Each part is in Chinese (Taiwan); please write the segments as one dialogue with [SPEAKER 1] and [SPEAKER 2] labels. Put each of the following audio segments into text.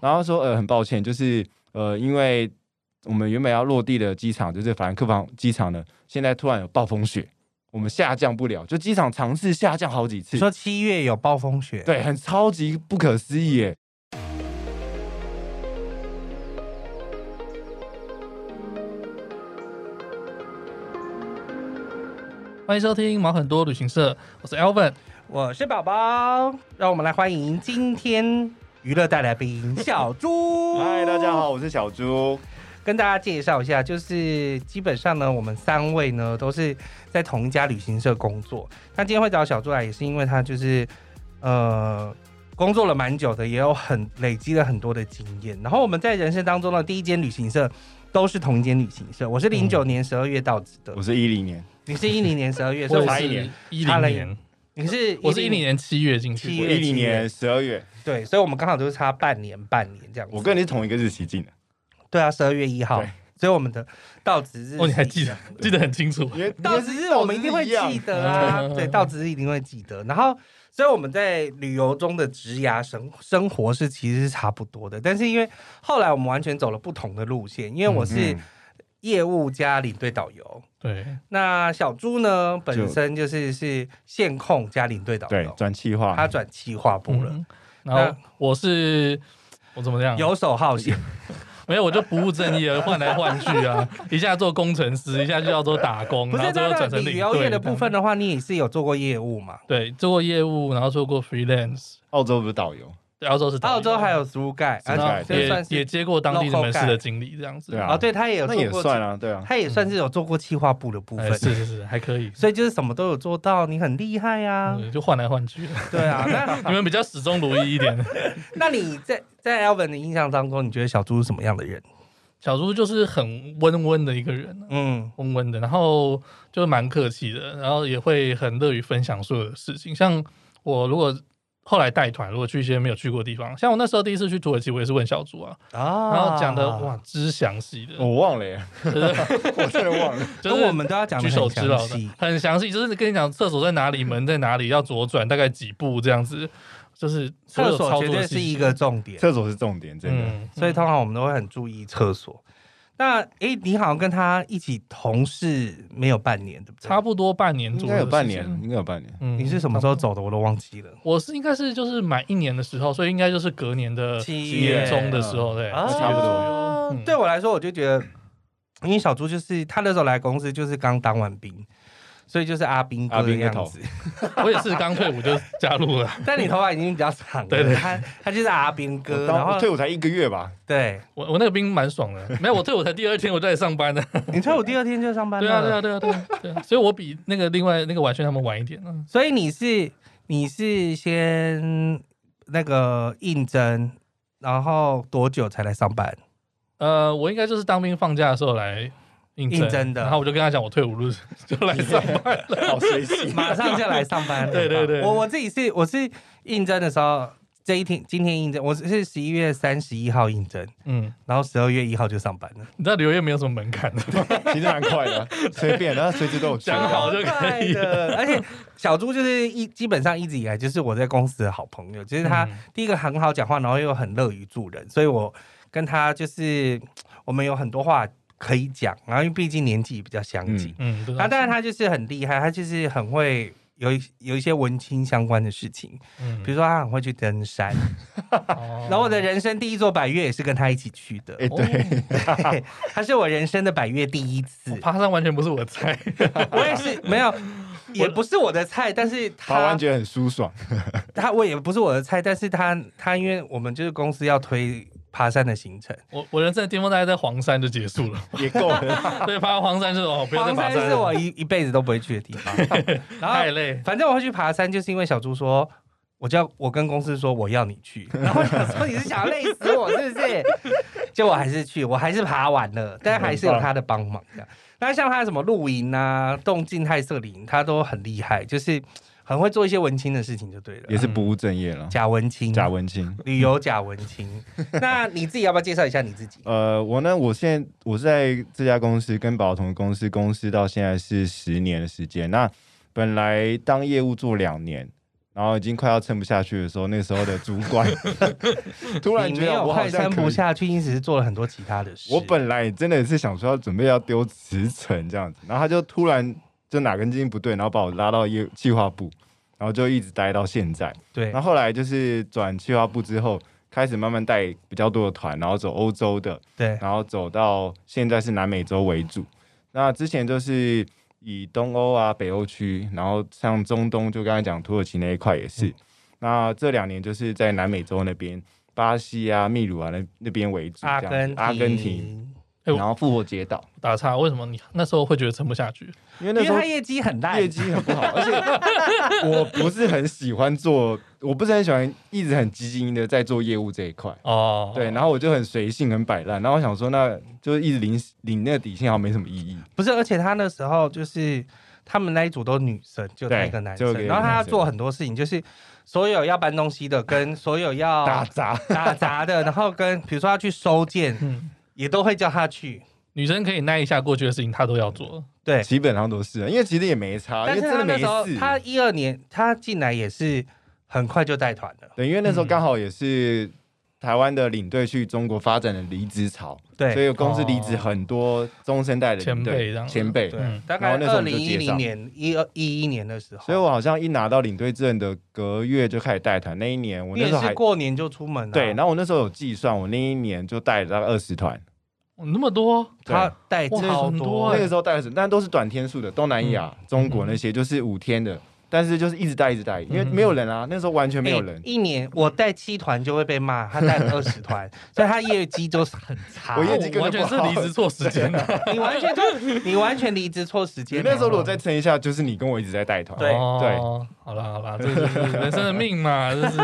[SPEAKER 1] 然後說，呃，很抱歉，就是，呃，因為我們原本要落地的機場就是法蘭克福機場呢，現在突然有暴風雪，我們下降不了，就機場嘗試下降好幾次。說七月有暴風雪，對，很超級不可思議，耶！
[SPEAKER 2] 歡迎收聽毛很多旅行社，我是 Elvin，我是寶寶，讓我們來歡迎今天。 娛樂大來賓小朱，嗨，大家好，我是小朱，跟大家介紹一下，就是基本上呢，我們三位呢都是在同一家旅行社工作。他今天會找小朱來，也是因為他就是呃，工作了蠻久的，也有很累積了很多的經驗。然後我們在人生當中的第一間旅行社都是同一間旅行社，我是零九年十二月到職的，嗯，我是一零年，你是一零年十二月， 是我是一零年。你是我是一零年七月進去，一零年十二月，對，所以，我們剛好就是差半年，半年這樣子。我跟你是同一個日期進的，對啊，十二月一號，所以我們的到職日是，哦，你還記得，記得很清楚。到職日我們一定會記得啊，對，到職日、啊、 日一定會記得。然後，所以我們在旅遊中的職涯生生活是其實是差不多的，但是因為後來我們完全走了不同的路線，因為我是。嗯嗯業務加領隊導遊，對。那小朱呢？本身就是就是線控加領隊導遊，對，轉企劃，他轉企劃部了。嗯。然後我是我怎麼這
[SPEAKER 3] 樣？遊手好閒。 沒有，我就不務正業，而 換來換去啊， 一下做工程師， 一下去澳洲打工。不是，然後最後轉成。旅遊業的部
[SPEAKER 2] 分的話你，你也是有做過業務嘛？對，
[SPEAKER 3] 做過業務，然後做過 freelance，澳洲不是導遊。
[SPEAKER 2] 對澳洲是的澳洲，還有植而且也也，也接過當地門市的經理這樣子。對啊，啊，對他也有做過算、啊啊、他也算是有做過企劃部的部分、嗯欸。是是是，還可以。所以就是什麼都有做到，你很厲害啊。嗯、就換來換去。 對啊，那 你們
[SPEAKER 3] 比較始終如一一點。 那你在
[SPEAKER 2] 在 Alvin 的印象當中，你覺得小豬是什麼樣的人？
[SPEAKER 3] 小豬就是很溫溫的一個人、啊，嗯，溫溫的，然後就是蠻客氣的，然後也會很樂於分享所有的事情。像我如果。後來帶團，如果去一些沒有去過的地方，像我那時候第一次去土耳其，我也是問小朱啊，
[SPEAKER 2] 啊，
[SPEAKER 4] 然後講的哇，哇，之詳細的，我忘了耶，確、就、實、
[SPEAKER 2] 是、 忘了，就是我們都要講，舉手之勞的，
[SPEAKER 3] 很詳細，就是跟你講廁所在哪裡，門在哪裡，要左轉大概幾步這樣子，就是廁所絕對是一個
[SPEAKER 1] 重點，廁所是重點、真的、
[SPEAKER 3] 嗯，所
[SPEAKER 2] 以通常我們都會很注意廁所。那哎，你好像跟他一起同事沒有半年，對不對？差不多半年，左右應該有半年，應該有半年、嗯，有半年嗯。你是什麼時候走的？我都忘記了。
[SPEAKER 3] 我是應該是就是滿一年的時候，所以應該就是隔年的年中的時候，對
[SPEAKER 2] ，yeah, yeah, yeah. 啊、差不多、嗯。對我來說，我就覺得，嗯、因為小朱就是他那時候來公司，就是剛當完兵。所以就是阿兵哥的樣子，我也是剛退伍就加入了 但你頭髮已經比較長。 對對，他他就是阿兵哥，然後退伍才
[SPEAKER 3] 一個月吧？對，我我那個兵蠻爽的，沒有，我退伍才第二天我就來上班了
[SPEAKER 2] 你退伍第二天就上班？ 對啊對啊對啊對啊， 所以我
[SPEAKER 3] 比那個另外那個完全他們晚一點，啊。
[SPEAKER 2] 所以你是你是先那個應徵，然後多久才來上班？
[SPEAKER 3] 呃，我應該就是當兵放假的時候來。應徵的，然後我就跟他講，我退伍路就
[SPEAKER 2] 來上班了，好隨時馬上就來上班。對對對，我我自己是我是應徵的時候，這一天今天應徵，我是十一月三十一號應徵，嗯，然後十二月一號就上班了。嗯、你知道旅業沒有什麼門檻 的,、啊、 的，其實蠻快的，隨便然後隨時都有。講好就可以了，而且小朱就是一基本上一直以來就是我在公司的好朋友，就是他第一個很好講話，然後又很樂於助人、嗯，所以我跟他就是我們有很多話。可以講，然後因為畢竟年紀也比較相近，嗯，啊，當然他就是很厲害，嗯、他就是很會有一有一些文青相關的事情，嗯，比如說他很會去登山，嗯，然後我的人生第一座百岳也是跟他一起去的，哎，哦，欸，對，他是我人生的百岳第一次，爬山完全不是我的菜，我也是 沒有，也不是我的菜，但是他，他完全
[SPEAKER 1] 很舒爽，
[SPEAKER 2] 他我也不是我的菜，但是他他因為我們就是公司要推。爬山的行程，我我人生的巔峰大概在黃山就結束了，
[SPEAKER 1] 也
[SPEAKER 3] 夠了。
[SPEAKER 2] 所 以 爬到黃山這種，黃山是我一一輩子都不會去的地方。 然後 太累，反正我會去爬山，就是因為小朱說，我叫我跟公司說我要你去，然後想說你是想要累死我是不是？ 結果還是去，我還是爬完了，但還是有他的幫忙的。 那像他什麼露營啊、動靜態攝影，他都很厲害，就是。很會做一些文青的事情就對了，也是不務正業了，嗯。假文青，假文青，旅遊假文青。 那你自己要不要介紹一下你自己？
[SPEAKER 1] 呃，我呢，我現在我在這家公司跟寶同公司公司到現在是十年的時間。那本來當業務做兩年，然後已經快要撐不下去的時候，那個時候的主管
[SPEAKER 2] 突然覺得我還撐不下去，因此是做了很多其他的事。
[SPEAKER 1] 我本來真的是想說要準備要丟辭呈這樣子， 然後他就突然。就哪根筋不對，然後把我拉到企劃部，然後就一直待到現在。對，那後，後來就是轉企劃部之後，開始慢慢帶比較多的團，然後走歐洲的，對，然後走到現在是南美洲為主。那之前就是以東歐啊、北歐區，然後像中東，就剛才講土耳其那一塊也是、嗯。那這兩年就是在南美洲那邊，巴西啊、祕魯啊那那邊為
[SPEAKER 3] 主，阿根廷。
[SPEAKER 1] 然後復活街道，
[SPEAKER 3] 打岔，為什麼你那時候會覺得撐不下去？
[SPEAKER 4] 因為那時候他業
[SPEAKER 2] 績很爛，業績很不好， 而且
[SPEAKER 1] 我不是很喜歡做，我不是很喜歡一直很激進的在做業務這一塊哦。對，然後我就很隨性，很擺爛。然後我想說，那就是一直領領那個底薪好像沒什麼意義。不是，
[SPEAKER 2] 而且他那時候就是他們那一組都女生，就那一個男生。然後他要做很多事情，就是所有要搬東西的，跟所有要打雜打雜的，然後跟比如說他去收件。 嗯也都會叫他去，女生可以耐一下過去的事情，他都要做。嗯，
[SPEAKER 1] 對，基本上都是，因為其實也沒差，但是他那時候沒事他
[SPEAKER 2] 一二年他進來也是很快就帶團的，
[SPEAKER 1] 對，因為那時候剛好也是台灣的領隊去中國發展的離職潮。嗯，對，所以公司離職很多，中生代的前輩對前輩，對。嗯、大概然後那時候二零一零年
[SPEAKER 2] 一二一一年的時候，
[SPEAKER 1] 所以我好像一拿到領隊證的隔月就開始帶團，那一年我那時候還是過
[SPEAKER 2] 年就出門。啊，對，
[SPEAKER 1] 然後我那時候有計算，我那一年就帶了二十團。
[SPEAKER 2] 哦、那麼多，他帶真的多。那個時候
[SPEAKER 1] 帶了，但都是短天數的，東南亞、嗯、中國那些就是五天的，嗯，但是就是一直帶一直帶、嗯，因為
[SPEAKER 2] 沒有人啊，那時候完全沒有人。欸、一年我帶七團就會被罵，他帶了二十團， 所以他業績就是很差。我業績完全是離職錯時間的，
[SPEAKER 4] 你完全就 你
[SPEAKER 2] 完全離職錯時間。你那時候如果再
[SPEAKER 1] 撐一下，就是你跟我一直在帶團。對對、哦、對，好了
[SPEAKER 2] 好了，這就是人生的命嘛，就 是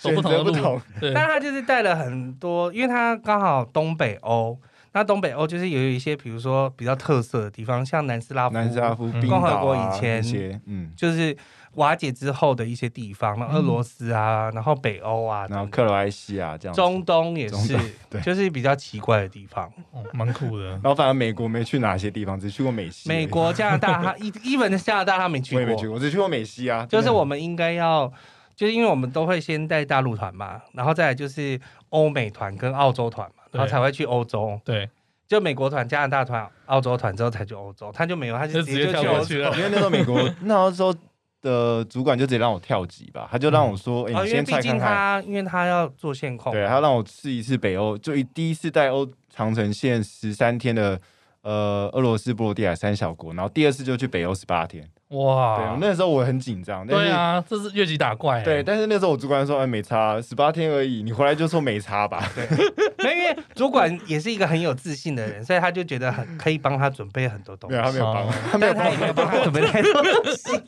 [SPEAKER 2] 走不同，選擇不同，但他就是帶了很多，因為他剛好東北歐。那東北歐就是有一些，比如說比較特色的地方，像南斯拉夫、南斯拉夫、嗯啊、共和國以前，嗯，就是瓦解之後的一些地方，那、嗯、俄羅斯啊，然後北歐啊、嗯，然後克羅埃西啊，這樣，中東也是
[SPEAKER 3] 對，
[SPEAKER 1] 就是比較奇怪的地方，蠻、哦、酷的。然後反而美國沒去哪些地方，只去過
[SPEAKER 2] 美西、美國、加拿大他，他一、even、加拿大他沒去過，我沒去過我只去過美西啊。就是我們應該要，就是因為我們都會先帶大陸團嘛，然後再來就是。歐美團跟澳洲團嘛，然後才會去歐洲對。對，就美國團、加拿大團、澳洲團之後才去歐洲，他就沒有，他就直接跳過去了去。因為那時候美國
[SPEAKER 1] 那澳洲的主管就直接讓我跳級吧，他就讓我說：“哎、嗯欸，你先看看、哦因他，
[SPEAKER 2] 因為他要做線控，
[SPEAKER 1] 對，他讓我試一試北歐，就一第一次帶歐長城線十三天的。”呃，俄羅斯、波羅的海三小國，然後第二次就去北歐十八天，哇、wow.！對，那時候我很緊張。對啊，這是越
[SPEAKER 3] 級打怪、欸。對，
[SPEAKER 2] 但是那時候我主管說、哎、沒差，十八天而已，你回來就說沒差吧。對，因為主管也是一個很有自信的人，所以他就覺得很可以幫他準備很多東西。 沒有幫，他沒有幫、哦、他也沒有幫 他準備太
[SPEAKER 4] 多
[SPEAKER 2] 東西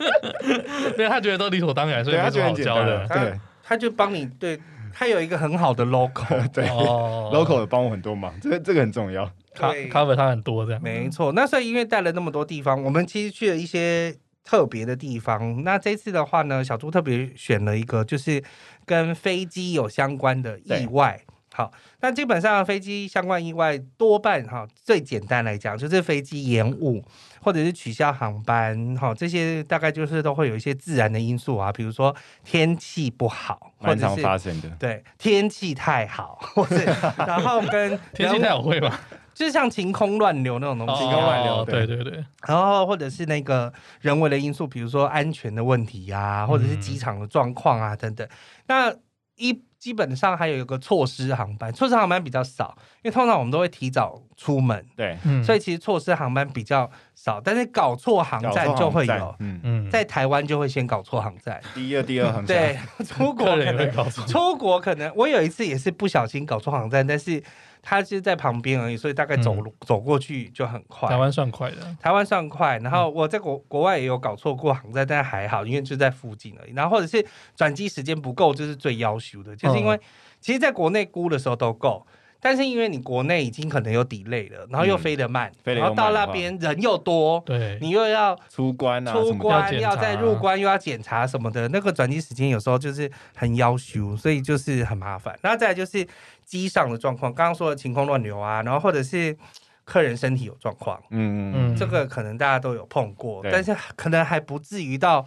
[SPEAKER 2] 對他覺得都理所當然，所以、啊、他就很好教的。對，他，他就幫你，對他有一個很好的 local，對，對、oh.，local 幫我很多忙，這這個很重要。咖咖啡，它很多這樣沒錯。那所以因為帶了那麼多地方，我們其實去了一些特別的地方。那這次的話呢，小朱特別選了一個，就是跟飛機有相關的意外。好，那基本上飛機相關意外多半哈，最簡單來講就是飛機延誤或者是取消航班哈，這些大概就是都會有一些自然的因素啊，比如說天氣不好，或者是蠻常發生的。對，天氣太好，或者然後跟 天氣太好會嗎？就是像晴空亂流那種東西，啊，晴空亂流，對對對。然後或者是那個人為的因素，比如說安全的問題啊，嗯、或者是機場的狀況啊等等。那一基本上還有一個錯失航班，錯失航班比較少，因為通常我們都會提早出門，對，嗯、所以其實錯失航班比較少。但是搞錯航站，錯航站就會有，嗯嗯，在台灣就會先搞錯航站，第一，第二航站、嗯。對，出 國可能人搞，出國可能，我有一次也是不小心搞錯航站，但是。他是在旁邊而已，所以大概走路，嗯、走過去就很快。台灣算快的，台灣算快。然後我在國國外也有搞錯過航站，嗯，但還好，因為就在附近而已。然後或者是轉機時間不夠，就是最要求的，就是因為其實在國內估的時候都夠。嗯嗯但是因為你國內已經可能有 delay 了，然後又飛得慢，嗯、然後到那邊人又多，對、嗯、你又要出關啊，出關要再入關又要檢查什麼的，啊、那個轉機時間有時候就是很夭壽所以就是很麻煩。然後再來就是機上的狀況，剛剛說的晴空亂流啊，然後或者是客人身體有狀況，嗯嗯，這個可能大家都有碰過，但是可能還不至於到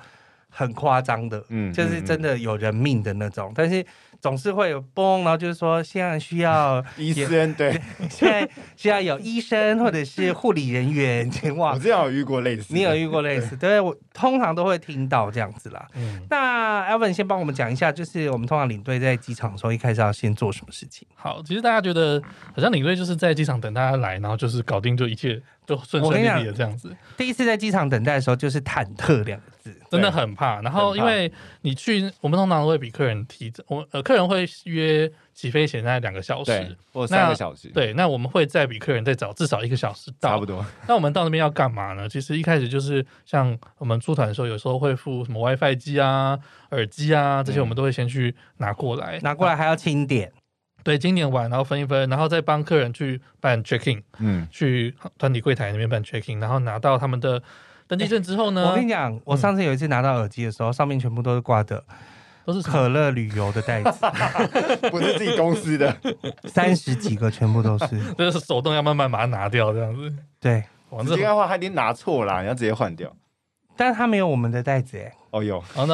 [SPEAKER 2] 很誇張的，嗯，就是真的有人命的那種，嗯、但是。總是會有崩，然後就是說現在需要 醫生，對，現在需要有醫生或者是護理人員 前往。我正有遇過類似，你有遇過類似？對，對，我通常都會聽到這樣子啦。嗯，那 Alvin 先幫我們講一下，就是我們通常領隊在機場的時候，一開始要先做什麼事情？好，其實大家
[SPEAKER 3] 覺得好像領隊就是在機場等
[SPEAKER 2] 大家來，然後就是
[SPEAKER 3] 搞定就一切。就順順利利的這樣
[SPEAKER 2] 子，第一次在機場等待的時候，就是忐忑兩個
[SPEAKER 3] 字，真的很怕。然後，因為你去，我們通常會比客人提早，我呃，客人會約起飛前在兩個小時或三個小時，對，那我們會再比客人再早至少一個小時到，差不多。那我們到那邊要幹嘛呢？其實一開始就是像我們出團的時候，有時候會付什麼 WiFi 機啊、耳機啊這些，我們都會先去拿過來，嗯啊、拿過來還要清點。對，今年晚，然後分一分，然後再幫客人去辦 check in。嗯，去團體櫃檯那邊辦 check in，然後拿
[SPEAKER 2] 到他們的登機證之
[SPEAKER 3] 後呢，我跟你講，
[SPEAKER 2] 我上次有一次拿到耳機的時候，嗯、上面全部都是掛的，都是可樂旅遊的袋子，是 不是自己公司的，三十幾個全部都是，
[SPEAKER 3] 就是手動要慢慢把它拿掉這樣子。
[SPEAKER 2] 對，這
[SPEAKER 1] 然的話他已經
[SPEAKER 3] 拿
[SPEAKER 2] 錯了，你要直接換掉。但是他沒有我們的袋子，哦有，oh,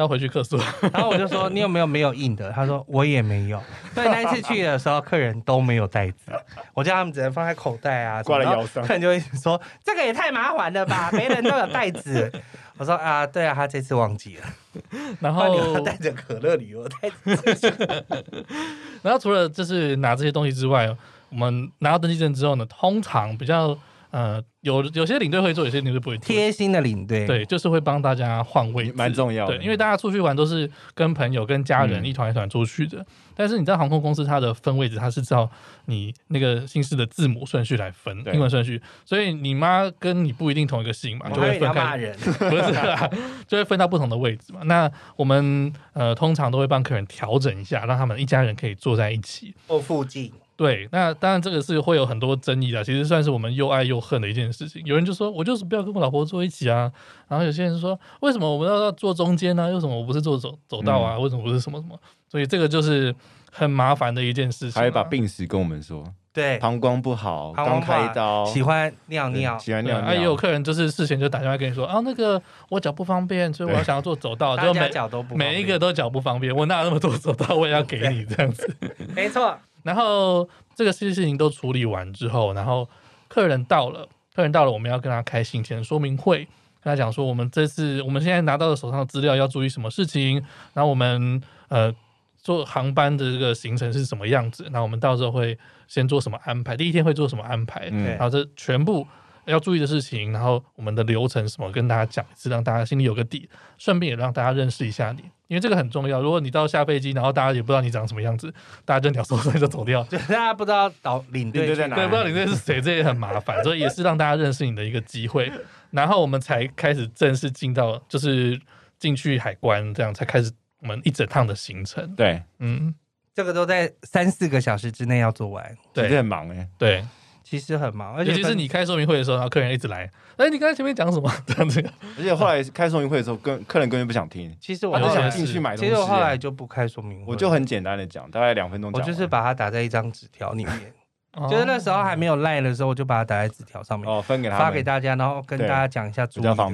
[SPEAKER 2] 要回去客訴，然後我就說，你有沒有沒有印的？ 他說我也沒有。但那一次去的時候，客人都沒有袋子，我叫他們只能放在口袋啊，掛在腰上。客人就會說這個也太麻煩了吧，沒人都有袋子。 我說啊，對啊，他這次忘記了。然後然有他帶着可樂旅遊袋子這。 然後除了就是拿這些
[SPEAKER 3] 東西之外，我們拿到登機證之後呢，通常比較。呃，有有些領隊會做，有些領隊不會做。貼心的領隊，對，就是會幫大家換位置，蠻重要的。對，因為大家出去玩都是跟朋友、跟家人一團一團出去的，嗯、但是你知道航空公司，它的分位置它是照你那個姓氏的字母順序來分的。英文順序，所以你媽跟你不一定同一個姓嘛，就會分開不是 就會分到不同的位置嘛。那我們呃通常都會幫客人調整一下，讓他們一家人可以坐在一起
[SPEAKER 4] 或
[SPEAKER 2] 附近。
[SPEAKER 3] 對，那當然這個是會有很多爭議的，其實算是我們又愛又恨的一件事情。有人就說，我就是不要跟我老婆坐一起啊。然後有些人就說，為什麼我們要坐中間呢、啊？為什麼我不是坐走走道啊、嗯？為什麼不是什麼什麼？所以這個就是很麻煩的一件事情、啊。還有把
[SPEAKER 1] 病史跟我們說，對，膀胱不好，
[SPEAKER 3] 剛開刀，喜歡尿尿，喜歡尿尿。那、啊、也有客人就是事前就打電話跟你說，啊，那個我腳不方便，所以我要想要坐走道。就每大家腳都不方便每一個都腳不方便，我哪有那麼多走道我也要給你這樣子？沒錯。然後這個事事情都處理完之後，然後客人到了，客人到了，我們要跟他開行前說明會，跟他講說我們這次我們現在拿到的手上的資料要注意什麼事情，然後我們呃坐航班的這個行程是什麼樣子，那我們到時候會先做什麼安排，第一天會做什麼安排，然後這全部。要注意的事情，然後我們的流程什麼，跟大家講一次，是讓大家心裡有個底，順便也讓大家認識一下你，因為這個很重要。如果你到下飛機，然後大家也不知道你長什麼樣子，大家就鳥獸散，就走掉，對，大家不知道導領，領隊在哪，對，不知道領隊是誰，這也很麻煩。 所以也是讓大家認識你的一個機會。然後我們才開始正式進到，就是進去海關，這樣才開始我們一整趟的行程。對，嗯，
[SPEAKER 2] 這個都在三四個小時之內要做完，對，很忙哎、欸，對。其實很忙，而且尤
[SPEAKER 3] 其是你開說明會的時候，然後客人一直來。哎、欸，你剛才前面講什麼？這樣子，
[SPEAKER 1] 而且後來開說明會的時候，客人根本不想聽。其實我是想進去買東西，結果後來就不開說明會。我就很簡單的講，大概兩
[SPEAKER 2] 分鐘講完。我就是把它打在一張紙條裡面。 就是那時候還沒有賴的時候，我就把它打在紙條上面，哦，分給他發給大家，然後跟大家講一下注意就是、哦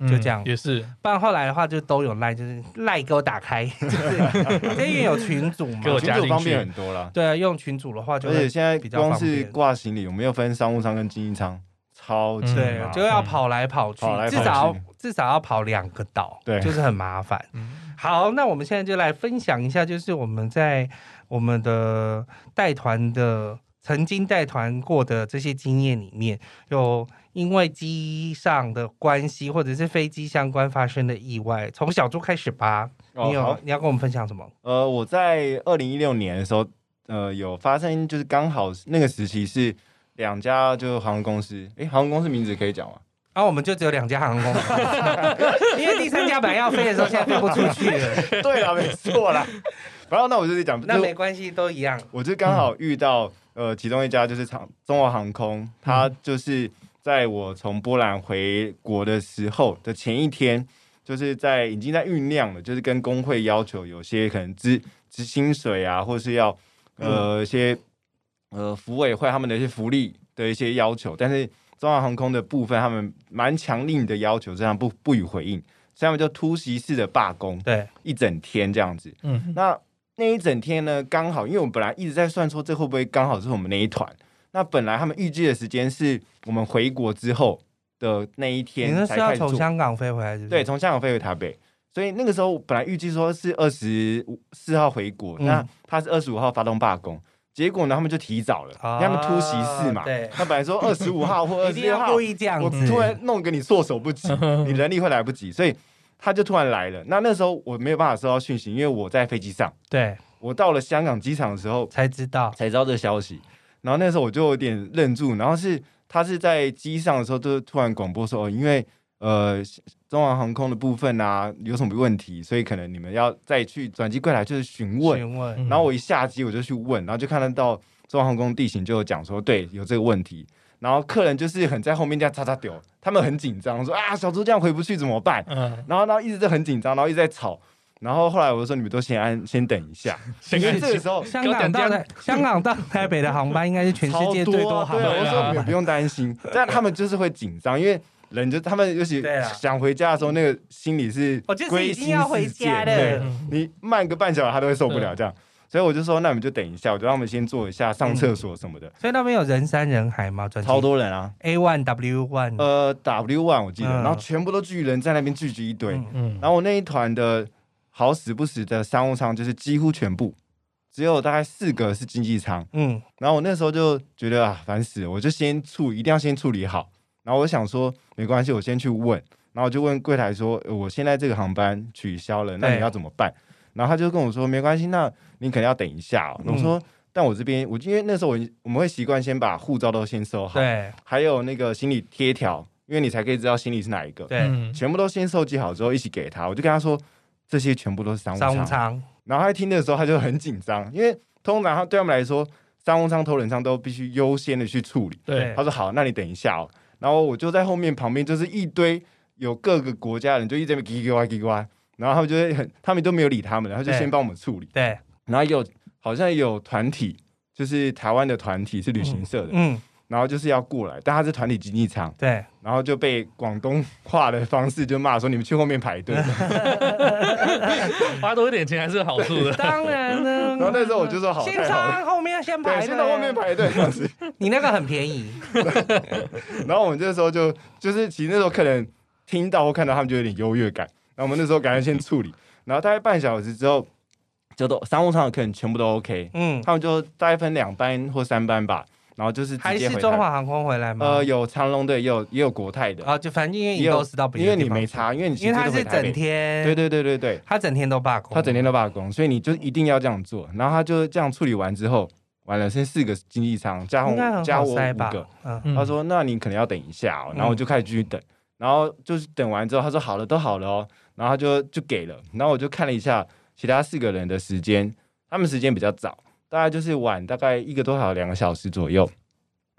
[SPEAKER 2] 嗯，就這樣。也是，不然後來的話就都有賴，就是賴給我打開，就是因為 有群組嘛，群組方便很多了。對啊，用群組的話就而且現在比較光是
[SPEAKER 1] 掛行李，我們又分商務艙跟經濟艙，
[SPEAKER 2] 超對，就要跑來跑去，跑來跑去至少至少要跑兩個島，對，就是很麻煩。好，那我們現在就來分享一下，就是我們在我們的帶團的。曾經帶團過的這些經驗裡面，有因為機上的關係或者是飛機相關發生的意外，從小朱開始吧。哦，你有你要跟我們分享什麼？
[SPEAKER 1] 呃，我在二零一六年的時候，呃，有發生，就是剛好那個時期是兩家就是航空公司，誒，航空公司名字可以講嗎？
[SPEAKER 2] 然、啊、我們就只有兩家航空， 因為第三家本來要飛的時候，現在飛不出去了。
[SPEAKER 4] 對了，沒錯啦。
[SPEAKER 1] 不然，那我就是講，那沒關係，都一樣。我就剛好遇到、嗯、呃，其中一家就是長中國航空、嗯，他就是在我從波蘭回國的時候、嗯、的時候前一天，就是在已經在醞釀了，就是跟工會要求有些可能資資薪水啊，或是要呃一些呃，福、嗯呃、委會他們的一些福利的一些要求，但是。中華航空的部分，他們蠻強硬的要求，這樣不不予回應，所以他們就突襲式的罷工，對，一整天這樣子。嗯，那那一整天呢，剛好，因為我本來一直在算說，這會不會剛好是我們那一團？那本來他們預計的時間是我們回國之後的那一天才開始做。你那是要從香
[SPEAKER 2] 港飛回來是不是？對，
[SPEAKER 1] 從香港飛回台北。所以那個時候本來預計說是二十四號回國，嗯、那他是二十五號發動罷工。結果呢，他們就提早了，啊、因為他們突襲式嘛。對，他本來說二十五號或二十號，我突然弄給你措手不及， 你人力會來不及，所以他就突然來了。那那時候我沒有辦法收到訊息，因為我在飛機上。對，我到了香港機場的時候才知道，才知道這消息。然後那時候我就有點愣住。然後是他是在機上的時候，就突然廣播說，因為。呃，中華航空的部分吶、啊，有什麼問題？所以可能你們要再去轉機櫃台，就是詢問。詢問、嗯。然後我一下機我就去問，然後就看得到中華航空地勤，就講說，對，有這個問題。然後客人就是很在後面這樣擦擦屌，他們很緊張，說啊，小朱這樣回不去怎麼辦？嗯、然後，然後一直就很緊張，然後一直在吵。然後後來我就說，你們都先安，先等一下。這 個時候， 香港到香港到台北的航班應該是全世界最多航班。啊、我說你們不用擔心。 但他們就是會緊張，因為。人就他們尤其想回家的時候，那個心裡是一定、哦就是、要回家的。 你慢個半小時，他都會受不了這樣。所以我就說，那我們就等一下，我就讓他們先坐一下，上廁所
[SPEAKER 2] 什麼的、嗯。所以那邊有人山人海嗎？轉超多人啊！A one W one，
[SPEAKER 1] 呃，W one，我記得、嗯，然後全部都聚人在那邊聚集一堆。嗯。嗯然後我那一團的好死不死的商務艙，就是幾乎全部，只有大概四個是經濟艙。嗯。然後我那時候就覺得啊，煩死了！我就先處，一定要先處理好。然後我想說沒關係，我先去問。然後我就問櫃檯說、呃：“我現在這個航班取消了，那你要怎麼辦？”然後他就跟我說：“沒關係，那你可能要等一下、哦。嗯”我說：“但我這邊，我因為那時候我我們會習慣先把護照都先收好，還有那個行李貼條，因為你才可以知道行李是哪一個，對，全部都先收集好之後一起給他。”我就跟他說：“這些全部都是商務艙。”商務艙。然後他一聽的時候他就很緊張，因為通常他對他們來說，商務艙、頭等艙都必須優先的去處理。對，他說：“好，那你等一下哦。”然後我就在後面旁邊，就是一堆有各個國家的人，就一直在嘰嘰歪嘰歪。然後他們就會很，他們都沒有理他們，然後就先幫我們處理。對，對，然後有好像有團體，就是台灣的團體是旅行社的。嗯。嗯然後就是要過來，但他是團體經濟艙，對，然後就被廣東話的方式就罵說：“你們去後面排隊，
[SPEAKER 2] 花多一點錢還是有好處的。”當然了。然後那時候我就說：“好，先插到後面，先排，先到後面排隊。 ”你那個很便宜。
[SPEAKER 1] 然後我們這時候就就是，其實那時候客人聽到或看到他們就有點優越感。然後我們那時候趕快先處理。然後大概半小時之後， 就都商務艙的客人全部都 OK。嗯，他們就大概分兩班或三班吧。然後就是還是中華
[SPEAKER 2] 航空回來嗎？呃，有
[SPEAKER 1] 長榮的，也有也有國泰的啊、哦。
[SPEAKER 2] 就反正因為你都是到，因為你沒
[SPEAKER 1] 差，因為你其他因為他是整天，對對對對對，他整天都罷工，他整天都罷工，所以你就一定要這樣做。然後他就這樣處理完之後，完了剩四個經濟艙，加我加我五個、嗯。
[SPEAKER 4] 他
[SPEAKER 1] 說：“那你可能要等一下哦。”然後我就開始繼續等，嗯。然後就是等完之後，他說：“好了，都好了哦。”然後他就就給了。然後我就看了一下其他四個人的時間，他們時間比較早。大概就是晚大概一個多小時、兩個小時左右，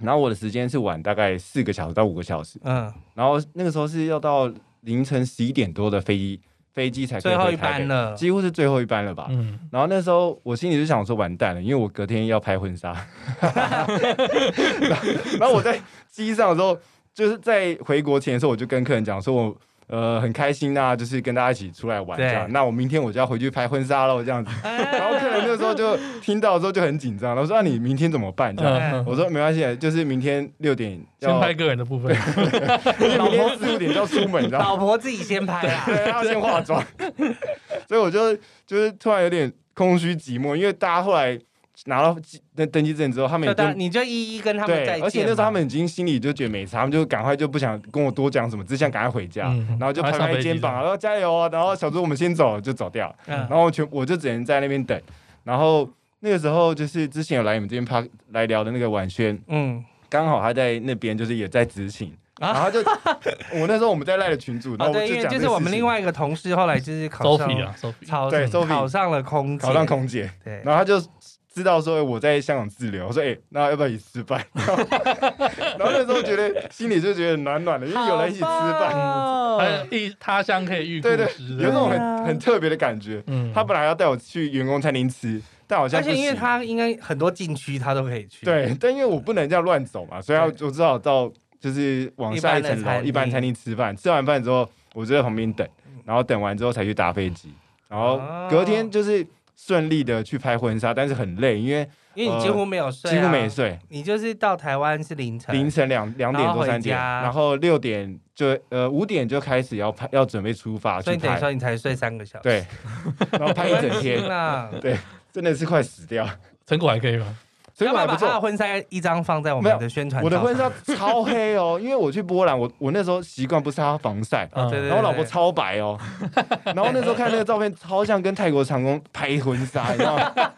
[SPEAKER 1] 然後我的時間是晚大概四個小時到五個小時，嗯，然後那個時候是要到凌晨十一點多的飛機，飛機才可以最後一班了，幾乎是最後一班了吧，嗯，然後那時候我心裡就想說完蛋了，因為我隔天要拍婚紗， 然後我在機上的時候，就是在回國前的時候，我就跟客人講說我。呃，很開心啊，就是跟大家一起出來玩這樣。那我明天我就要回去拍婚紗了，這樣子。 然後客人那時候就聽到之後就很緊張，我說那、啊、你明天怎麼辦？這樣， 我說沒關係，就是明天六點要先拍
[SPEAKER 3] 個人的部分。
[SPEAKER 2] 老婆四、五點就要出門， 你知道嗎？老婆自己先拍啊，要先化妝。 所以我就
[SPEAKER 1] 就是突然有點空虛寂寞，因為大家後來，拿到登登機證之後，他們已經你
[SPEAKER 2] 就一一跟他們在一起。而且那時候
[SPEAKER 1] 他們已經心裡就覺得沒差，他們就趕快就不想跟我多講什麼，只想趕快回家，嗯、然後就拍拍肩膀，然後、啊、加油啊！然後小朱我們先走，就走掉、嗯、然後全我就只能在那邊等。然後那個時候就是之前有來你們這邊拍來聊的那個婉軒，嗯，剛好他在那邊，就是也在執勤、嗯。
[SPEAKER 2] 然後就 我那時候我們在賴的群
[SPEAKER 1] 組，啊、然後就因為就是我們另
[SPEAKER 2] 外一個同事後來就是考皮了，考對、啊、考上了空考上空姐，對，然後他就。
[SPEAKER 1] 知道說我在香港滯留，我說哎，那要不要一起吃飯？然後，然然後， 然後那時候覺得 心裡就覺得暖暖的，因為有人一起吃飯，還、哦嗯、他鄉可以遇，對對，對，對、啊，有那種很很特別的感覺、嗯。他本來要帶我去員工餐廳吃、嗯，但好像不行，而且因
[SPEAKER 2] 為他應該很多禁區他都可以去。對，
[SPEAKER 1] 但因為我不能這樣亂走嘛，所以要我只好到就是往下一層樓一,一般餐廳吃飯。吃完飯之後，我就在旁邊等，然後等完之後才去搭飛機。然後隔天就是。哦順利的去拍婚紗，但是很累，因為因為你幾乎沒有睡啊，幾乎沒睡。
[SPEAKER 2] 你就是到台灣是凌晨，凌晨兩兩點多三點，然後，然後
[SPEAKER 1] 六點就呃五點就開始要拍，要準備出發，所以等於說你才睡三個小時，對，
[SPEAKER 2] 然後拍一整天 對，真的是快死掉。成果還可以嗎？
[SPEAKER 1] 所以不要買不，把他的婚
[SPEAKER 2] 紗一張放在我們的宣傳。我的婚紗
[SPEAKER 1] 超黑哦，因為我去波蘭，我我那時候習慣不擦防曬。嗯，對對對。然後我老婆超白哦，嗯、然後我老婆超
[SPEAKER 2] 白哦 然後那時候看那個照片，超像跟
[SPEAKER 1] 泰國長工拍婚紗，你知道嗎？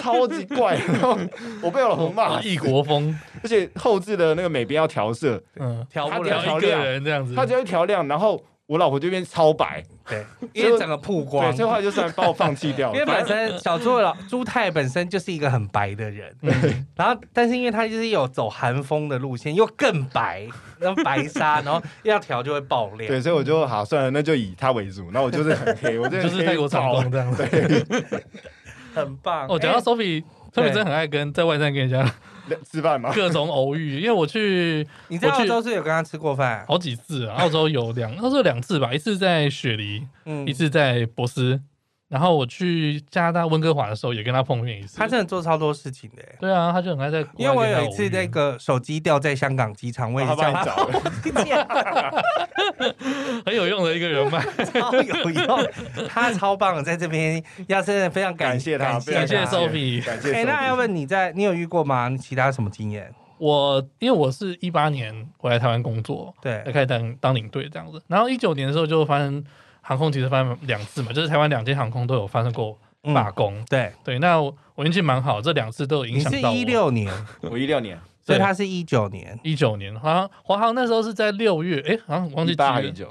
[SPEAKER 1] 超級怪，然後我被我老婆罵異國風，而且後製的那個美編要調色，嗯，
[SPEAKER 3] 調不了一個人這樣子，
[SPEAKER 1] 他只要一調亮，然後我老婆這邊超白。對，因為整個
[SPEAKER 2] 曝光，對，這話就算把我放棄掉了。 因為本身小朱老 朱太本身就是一個很白的人對，然後但是因為他就是有走韓風的路線，又更白，然後白紗，然後要調就會爆亮。對，所以我就好算了，那就以他為主，然後我就是很黑， 我就是我、就是、泰國潮，這樣子。
[SPEAKER 3] 對 很棒。我覺得 Sophie，Sophie 真的很愛跟在外站跟人家。吃飯嗎？各種偶遇，因為我去，你去澳洲我去是有跟他吃過飯、啊，好幾次、啊，澳洲有兩，澳洲有兩次吧，一次在雪梨，嗯、一次在博斯。然後
[SPEAKER 2] 我去加拿大溫哥華的時候，也跟他碰面一次。他真的做超多事情的、欸。對啊，他就很愛在。因為我有一次那個手機掉在香港機場，我也在找。 很有用的一個人脈， 超有用。他超棒的，在這邊，要真的非常感，感謝他，感謝 Sophie，感謝。感謝欸、那要問你在，你有遇過嗎？你其他什麼經驗？我因為我是一八年回來台灣工作，對，開始當
[SPEAKER 3] 當領隊這樣子。然後一九年的時候就發生。航空其實發生兩次嘛，就是台灣兩間航空都有發生過罷工。嗯、對對，那我我運氣蠻好，這兩次都有影響到。你是一六年，
[SPEAKER 2] 我一六年，所以它是一九年，一九年。
[SPEAKER 3] 好像華航那時候是在六月，哎、欸，好、啊、像忘記八月。一九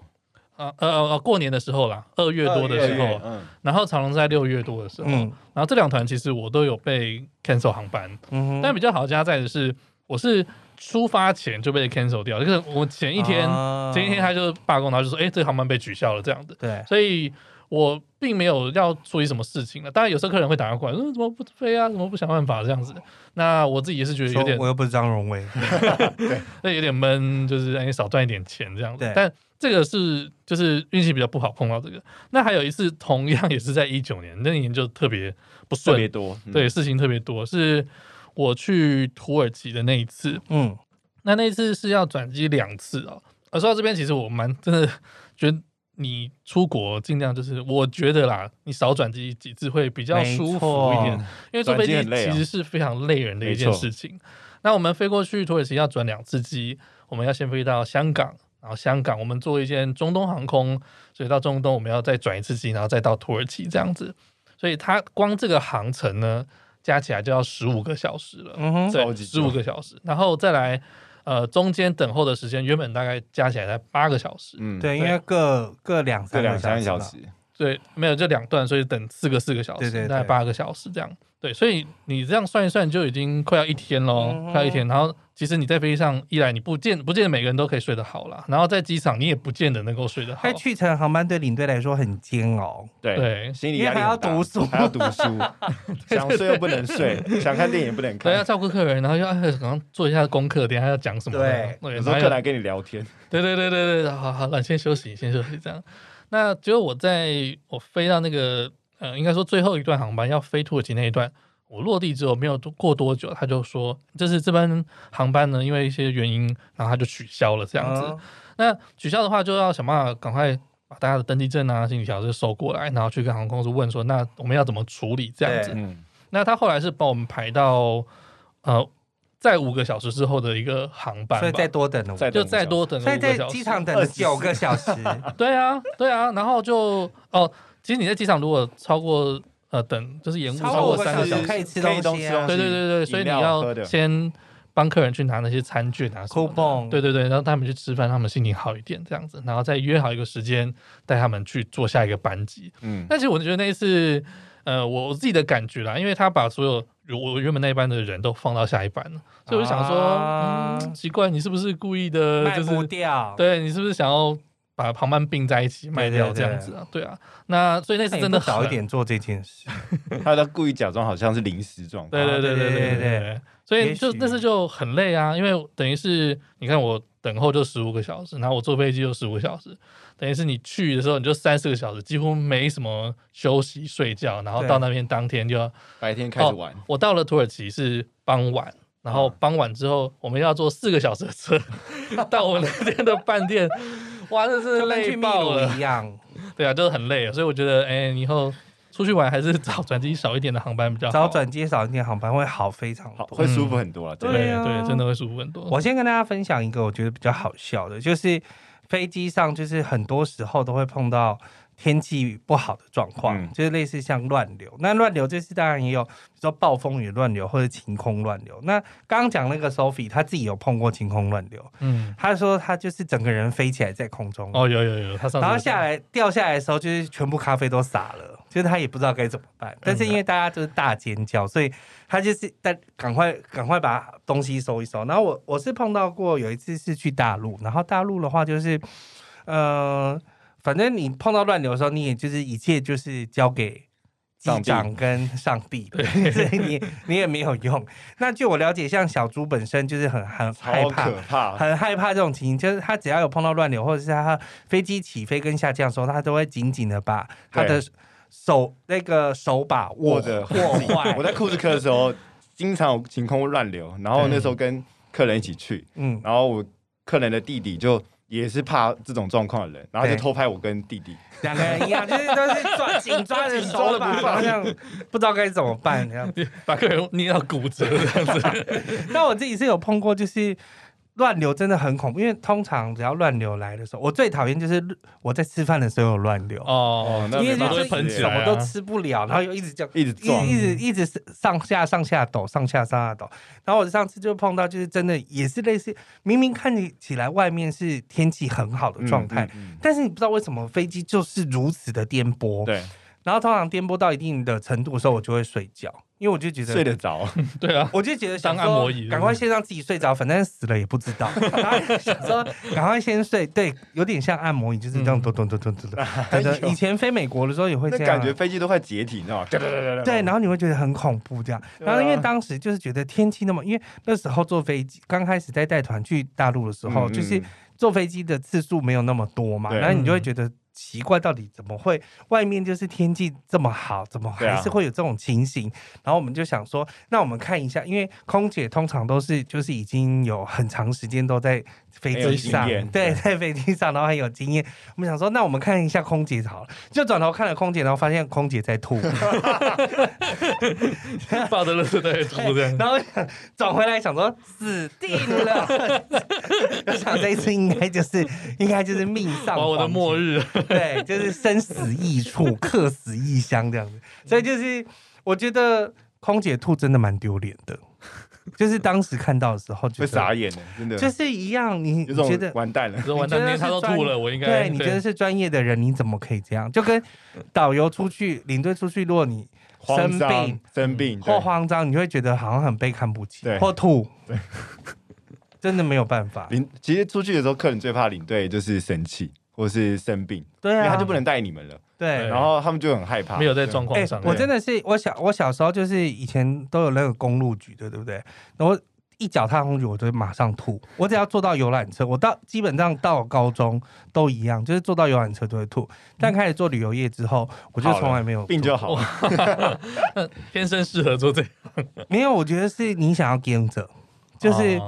[SPEAKER 3] 啊呃呃，過年的時候啦，二月多的時候。月月然後長榮在六月多的時候，嗯、然後這兩團其實我都有被 cancel 航班，嗯。但比較好的加在的是，我是。出發前就被 cancel 掉，就是我前一天，uh... 前一天他就罷工，然後就說，哎、欸，這航班被取消了，這樣子，對。所以我並沒有要處理什麼事情了。當然，有時候客人會打電話過來說，嗯，怎麼不飛啊？怎麼不想辦法這樣子？那我自己也是覺得有點，我又
[SPEAKER 2] 不是張榮威，
[SPEAKER 3] 對，有點悶，就是讓你少賺一點錢這樣子。對，但這個是就是運氣比較不好碰到這個。那還有一次，同樣也是在一九年，那年就特別不順，特別多、嗯，對，事情特別多是。我去土耳其的那一次，嗯，那那一次是要轉機兩次喔。而說到這邊，其實我蠻真的覺得你出國儘量就是，我覺得啦，你少轉機幾次會比較舒服一點。沒錯，因為坐飛機其實是非常累人的一件事情。哦。那我們飛過去土耳其要轉兩次機，我們要先飛到香港，然後香港我們坐一間中東航空，所以到中東我們要再轉一次機，然後再到土耳其這樣子。所以它光這個航程呢，加起來就要十五個小時了，嗯哼，對，十五個小時，然後再來，呃，中間等候的時間原本大概加起來才八個小時，嗯，對，對，應該各各兩三個兩三個小時，對，沒有就兩段，所以等四個四個小時，對，對，對，對，大概八個小時這樣。對，所以你這樣算一算，就已經快要一天嘍、哦，快要一天。然後其實你在飛機上一來，你不見不見得每個人都可以睡得好了，然後在機場
[SPEAKER 2] 你也不見得能夠睡得好。開去程航班對領隊來說很煎熬，對，對心理壓力大，還要讀書，讀書 想睡又不能
[SPEAKER 1] 睡 對對對，
[SPEAKER 3] 想看
[SPEAKER 2] 電影不能看，還要
[SPEAKER 3] 照顧客人，然後又要剛做一下功課，等下要講什麼？對，對然後有，有時候客來跟你聊天，對對對對對，對，好好，好，那先休息，先休息，這樣。那只有我在我飛到那個。呃，應該說最後一段航班要飛土耳其那一段，我落地之後沒有過多久，他就說這、就是這班航班呢，因為一些原因，然後他就取消了這樣子。嗯、那取消的話，就要想辦法趕快把大家的登機證啊、行李條收過來，然後去跟航空公司問說，那我們要怎麼處理這樣子？嗯、那他後來是幫我們排到呃，在五個小時之後的一個航班，所以再多等了 5, 就再多等了五個小時，在在機場等了九個小時。小時 對啊，對啊，然後就哦。其實你在機場如果超過呃等就是延誤超過三個小時，可以吃到東西、啊、對對對對，以啊、所以你要先幫客人去拿那些餐券，拿 coupon。對對對，然後他們去吃飯，他們心情好一點，這樣子，然後再約好一個時間帶他們去做下一個班級。嗯。但其實我就覺得那一次，呃我我自己的感覺啦，因為他把所有我原本那一班的人都放到下一班了，所以我就想說，啊、嗯，奇怪，你是不是故意的？就是。賣不掉。對你是不是想要？把旁邊併在一起賣掉，這樣子啊，對對對，對啊。那所以那次真的早一點
[SPEAKER 1] 做這件事， 他在故意假裝好像是臨時狀態。對對對對對，對，對，對
[SPEAKER 3] 所以就那次就很累啊，因為等於是你看我等候就十五個小時，然後我坐飛機就十五個小時，等於是你去的時候你就三四個小時，幾乎沒什麼休息睡覺，然後到那邊當天就要白天開始玩，哦。我到了土耳其是傍晚，然後傍晚之後我們要坐四個小時的車、嗯、到我們那邊的飯店。 哇，這是累爆了！一樣 對啊，就是很累，所以我覺得，哎、欸，以後出去
[SPEAKER 2] 玩還是找轉機少一點的航班比較好。找轉機少一點的航班會好非常多，嗯、會舒服很多、啊。對、啊、對，真的會舒服很多。我先跟大家分享一個我覺得比較好笑的，就是飛機上就是很多時候都會碰到。天氣不好的狀況，嗯，就是類似像亂流。那亂流就是當然也有，比如說暴風雨亂流或者晴空亂流。那剛剛講那個 Sophie，他自己有碰過晴空亂流。嗯，他說他就是整個人飛起來在空中。哦，有
[SPEAKER 3] 有有。他然後下
[SPEAKER 2] 來掉下來的時候，就是全部咖啡都灑了，就是他也不知道該怎麼辦。但是因為大家就是大尖叫，嗯啊，所以他就是在趕快趕快把東西收一收。然後我我是碰到過有一次是去大陸，然後大陸的話就是，嗯，呃。反正你碰到亂流的時候，你也就是一切就是交給機長跟上帝，所以、 就是、你你也沒有用。那據我了解，像小朱本身就是很很害怕，可怕，很害怕這種情形，就是他只要有碰到亂流，或者是他飛機起飛跟下降的時候，他都會緊緊的把他的手那個手把握，握着。我 我在庫斯科的時候，經常有晴空亂流，然
[SPEAKER 1] 後那時候跟客人一起去，嗯，然後我客人的弟弟就。也是怕這種狀況的人，然後就偷拍我跟弟弟兩個人一樣， 就是都是抓緊抓着手的方向，
[SPEAKER 2] 不知道該怎麼辦，這樣把客人捏到骨折這樣子。 那我自己是有碰過，就是。亂流真的很恐怖，因為通常只要亂流來的時候，我最討厭就是我在吃飯的時候有亂流哦，oh, 因為就是什麼我都吃不了、嗯，然後又一直這樣一直一直一直，一直上下上下抖，上下上下，上下抖。然後我上次就碰到，就是真的也是類似，明明看起來外面是天氣很好的狀態，嗯嗯嗯、但是你不知道為什麼飛機就是如此的顛簸。對。然後通常顛簸到一定的程度的時候，我就會睡覺，因為我就覺得睡得着，對啊，我就覺得想、啊、按摩椅是是，趕快先讓自己睡着，反正死了也不知道。 然後想說趕快先睡，對，有點像按摩椅，就是這樣咚咚咚咚咚。以前飛美國的時候也會這樣，感覺飛機都快解體了，對、哦、對，然後你會覺得很恐怖這樣。然後因為當時就是覺得天氣那麼，因為那時候坐飛機剛開始在帶團去大陸的時候、嗯，就是坐飛機的次數沒有那麼多嘛，然後你就會覺得。嗯奇怪，到底怎麼會？外面就是天氣這麼好，怎麼還是會有這種情形？啊？然後我們就想說，那我們看一下，因為空姐通常都是就是已經有很長時間都在。飛機上、欸，對，在飛機上，然後很有經驗。我們想說，那我們看一下空姐好了，就轉頭看了空姐，然後發現空姐在吐， 抱着熱水袋在吐，然後想轉回來，想說死定了， 想這一次應該就是應該就是命喪我的末日， 對，就是生死異處，客死異鄉這樣子。所以就是我覺得空姐吐真的蠻丟臉的。就是當時看到的時候就傻眼了，真的就是一樣。你，種你覺得完蛋了？你覺得他都吐了，我應該？對，你覺得是專業的人，你怎麼可以這樣？就跟導遊出去 領隊出去，如果你生病、生病、嗯、或慌張，你會覺得好像很被看不起，對，或吐，對 真的沒有辦法。
[SPEAKER 1] 領其實出去的時候，客人最怕領隊就是生氣或是生病，對啊，因為他就不能帶你們了。對，對，然後他們就很害怕，沒有在狀況上。
[SPEAKER 2] 欸，我真的是，我小我小時候就是以前都有那個公路局的，對不對？然後我一腳踏空局，我就會馬上吐。我只要坐到遊覽車，我到基本上到高中都一樣，就是坐到遊覽車就會吐。但開始做旅遊業之後，嗯，我就從來沒有病就好了。天 生適合做這樣？ 沒有，我覺得是你想要跟着，就是不、